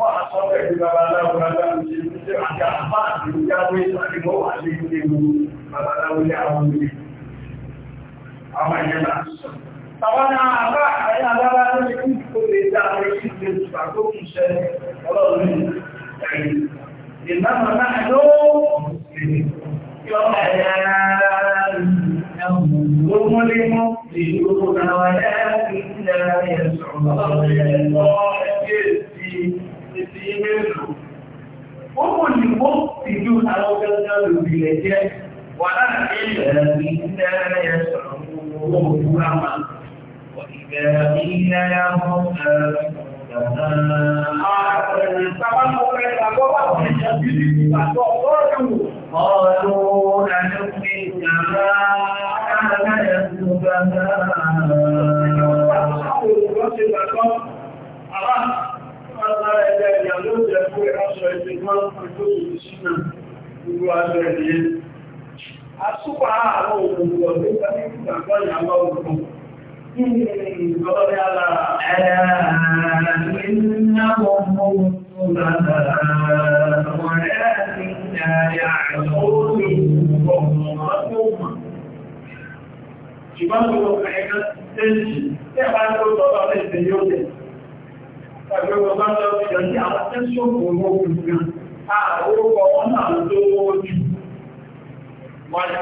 wọ́n á sọ pẹ̀lú babaláwo aláwo ṣe ń ṣe àti àpá àti ìyáwó ìsàlẹ̀ wọ́n wà ní ilé wo babaláwo ní àwọn ilé. Àwọn ìyẹn náà sọ. Àwọn àbá àyà alára ló ní kí kò lè dá àwọn èyí lè tùbà tó kù ṣẹ ọlọ́run ní ẹ̀yìn. Ìlànà náà ló yọ ẹ̀yà Gbogbolimo ìlú àwọn ẹ̀ẹ́dì ìlànà ẹ̀sọ̀rọ̀ ọ̀rẹ́ ọ̀rẹ́ ti fi ilé lò. Ó mò ní ó ti ju àwọn gẹ́gẹ́ lòdì rẹ̀ jẹ́ wà láàrin ìrẹ̀lẹ̀ ìdílé ẹ̀sọ̀ owó òwúrà máa. Ìbẹ̀rẹ̀ ìdílé ẹ̀sọ̀ Àwọn akẹ́kọ̀ọ́ ìgbàgbọ́ wà ní ìjọba ìgbàgbọ́ ọgọ́rùn-ún.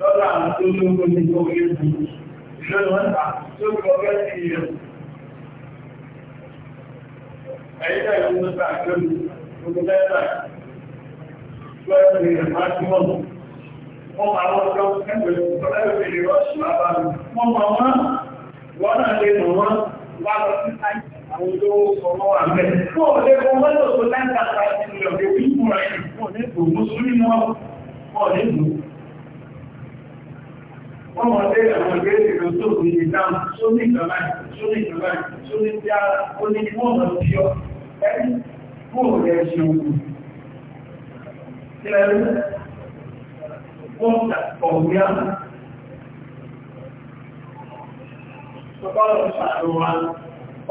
lọ́dọ̀ àwọn tó lóko ní owó ewu ìlú wọn ta tó kọ bẹ́ẹ̀ sí iye. Ẹ̀yìn náà ló ń ta àjọyọ̀ gbogbo mẹ́ta lọ́ọ̀dù rẹ̀ máa ti wọ́n. Wọ́n máa wọ́n lọ ẹgbẹ̀rún lọ́dọ̀ ìrìn rọ́ọ̀ṣì bàbá mi. Wọ́n máa wọ́n wọ́n náà lè mọ̀ wọ́n wá lọ sí táìsì àwọn olówó ọmọ wà mẹ́. Wọ́n ò lè kọ́ mọ́tò tó táìsì àti àti ìrọ̀lẹ́ wíwúra ẹ̀ wọ́n ò ní ọmọdé àwọn ìgbé ìrò tó rí ìdáhùn tó ní ìjọba tó ní ìjọba tó ní tí a ó ní mọ́ọ̀nà tí ọ ẹni mọ́ọ̀ rẹ̀ ṣe ogun ilẹ̀ wọ́n ọ̀gbẹ́ àwọn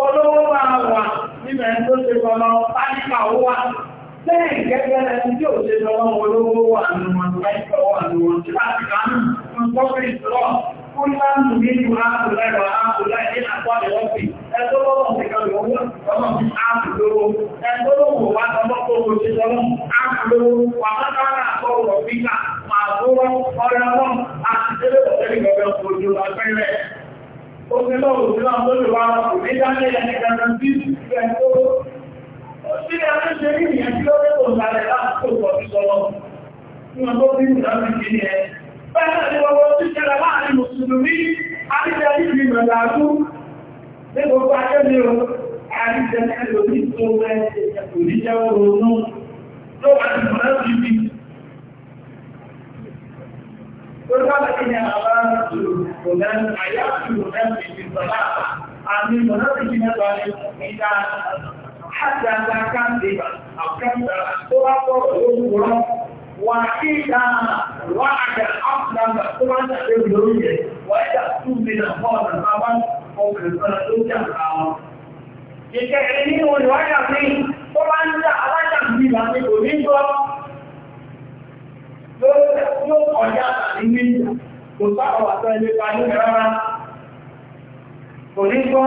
ọlọ́wọ́ máa wà nígbẹ̀ẹ́ tó ṣe pọ̀lọ́ pálíkà ó wà Bẹ́ẹ̀ gẹ́gẹ́ ẹni tí ò ṣe lọ́wọ́ olówó wà nù wọn, ẹ̀kọ́ wà nù wọn, tí láti kánú, wọn kọ́kọ́ ìṣọ́, kún láàmù nínú ààbò lẹ́rọ ààbò láìdí àpọ́lẹ̀ ọ́fì, ẹ̀tọ́ lọ́wọ́ ti kan lọ́wọ́ ọmọ fi ààbò lówó, ẹ̀tọ́ lọ́wọ́ wá tọmọ́ kó o ṣe lọ́wọ́ ààbò lówó, wà má kára àpọ̀ ọ̀rọ̀ fíkà, máa gbówọ́, ọ̀rẹ́ ọlọ́ àti tẹ́lẹ̀ ọ̀tẹ́lẹ̀ gọ̀gẹ́ ojú àpẹẹrẹ. Ó ti lọ́wọ́ òṣèlú àwọn olùwárọ̀ kò ní dálé ẹni Tí a ń ṣe ní ìyẹn tí ó rẹ̀ kò sàrẹ̀ láti tó pọ̀ sí sọ́lọ́. Ní ọjọ́ bí ìrìnà mi kì ní ẹ. Bẹ́ẹ̀ ni wọ́n tí ṣẹlẹ̀ láàrin Mùsùlùmí, a ti jẹ́ ìrìn mẹ̀láàkú. Ní gbogbo ajẹ́ mi o, a ti jẹ́ ẹlòmí tó rẹ̀ kò ní jẹ́ oronú. Ló bá ti mọ̀ láti bí. Ó sábà kí ni àwọn olùkọ̀lẹ́ àyà àjàgbà kàndìbà àkàndà tó bá sọ̀rọ̀ lórí wọn wà ìdá wà àjà àpùlàmà tó bá jàdé lórí rẹ̀ wà ìdá túnbìnà fọ́ọ̀nà bàbá ọkùnrin sọ́nà tó jà àwọn. Ìkẹ̀kẹ̀ nínú ìwáyà sí tó bá ń jà alájàgbìmà ní kò ní gbọ́ yóò kọjá àtàrí méjì kò sáà wà sọ ilé pa ní rárá. Kò ní gbọ́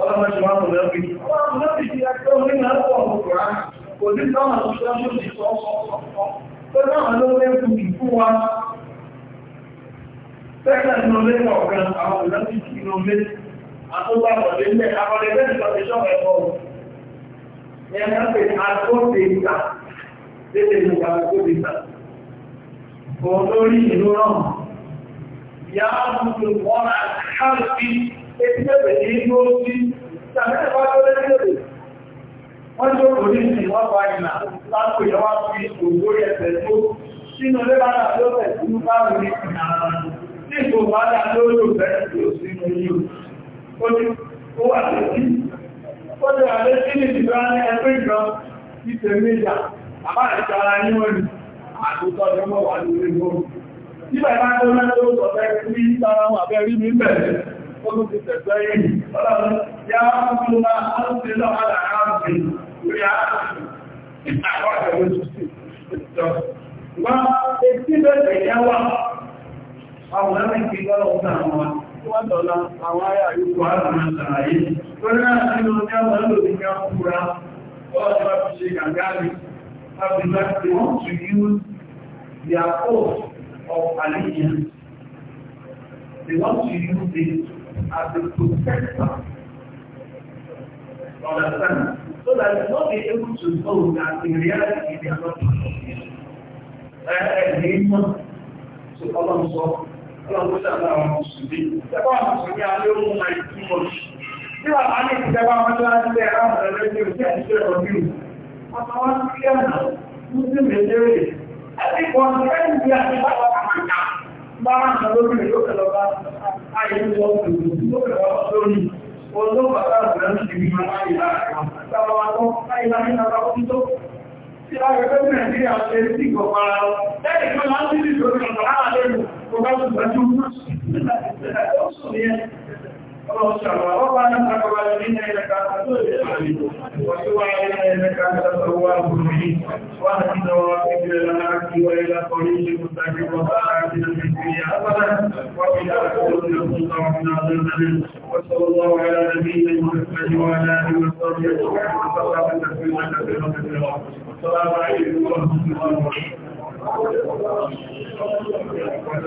ọlọ́mọdé wọn kò lọ́bí ọlọ́mọdé lọ́bí ti ẹgbẹ́ orí náà pọ̀ ọ̀gbọ̀rá kò ní sáwọn òṣìṣẹ́ tó ti sọ ọ̀pọ̀ tó náà ló lé fún ìfú wa tẹ́lẹ̀ ní olé ọ̀gbọ̀n àwọn òlọ́bí ti ní olé àtúgbà ọ̀dẹ́ ilẹ̀ àwọn ẹgbẹ́ ìtọ́jú ẹ̀kọ́ ìyẹn náà pé àgbọ̀dé ìta lédè ìgbà àgbọ̀dé ìta òun lórí ìlú náà ìyá àbùkù wọn àti káàkiri ètí bẹ̀rẹ̀ ní ìlú ó sí Ìtàmẹ́rẹ̀ bá tó lẹ́lẹ́lẹ́ wọ́n tó kò ní ìsìn wọ́n fa ìlà lápò ìyọ́wà fi ògbórí ẹ̀fẹ̀ tó sínú lẹ́bàdà tó fẹ̀ sínú báwọn ní ìrìnà àwọn ní ìgbòmọ́dà tó lò fẹ́ sí òsínú yìí. Ó ti ó wà lẹ́sí. Ó ti wà lẹ́sí ní ìgbà ní ẹgbẹ́ ìjọ ní tẹ̀mẹ́jà. Bàbá ìjọ ara ní wọ́n ni àtúntọ́ olùsẹ̀sẹ̀yìn ọlọ́run yá mú ma ń ṣe lọ aláàrùn lórí ààrùn àwọn àjẹ̀wò ìṣúsì wọ́n etí bẹ̀rẹ̀ yáwà àwọn ẹ̀rìn kí lọ́rọ̀ ọ̀dá àwọn wọ́n dọ̀lá àwọn ayà yóò àrùn àtàràyé lórí náà nínú ní àwọn olóòdì ní àwọn fúra wọ́n ti wá fi ṣe gàgáàrí láti láti wọ́n to use their force of allegiance they want to use it as a protector. Understand? So that you not be able to know that in reality they are not protected. Ẹ ní mọ̀ tó ọlọ́run sọ, ọlọ́run sọ àwọn mùsùlùmí. Ẹgbẹ́ àwọn mùsùlùmí a ló mú láì tí mọ̀ sí. Bí wà máa ní ìjọba wọn tó láti lẹ́ àwọn ọ̀rẹ́ tí ó jẹ́ ìṣẹ́ ọdún. Wọ́n sọ wọ́n sí ẹ̀nà, mú sí mẹ́lẹ́rẹ̀. Àti ìkọ̀ọ̀sẹ̀ ẹ̀yìn bí a ti bá wọn kàmàkà bá ń sọ lórí rẹ̀ yóò kẹlọ bá ayé ń lọ òkùnkùn tó kẹlọ bá lórí ọdún bàtà ìgbẹ̀rẹ̀ ń ṣe bí wọn láyé láàrin àwọn àtàwọn akọ́ láyé láyé lára ó tó tí a rẹ̀ fẹ́ nàìjíríà ṣe sí ìgbọ̀pá ara wọn lẹ́yìn tó láti rí ìṣòro ìgbà ربنا تقبل منا انك انت العليم وتب علينا انك انت التواب الرحيم واهدنا ووفقنا لنا عبدك والى طريق مستقيم وسعادتنا في الدنيا ابدا وفي الاخره حسنا وقنا عذاب النار وصلى الله على نبينا محمد وعلى اله وصحبه اجمعين وسلم تسليما كثيرا كثيرا السلام عليكم ورحمه الله وبركاته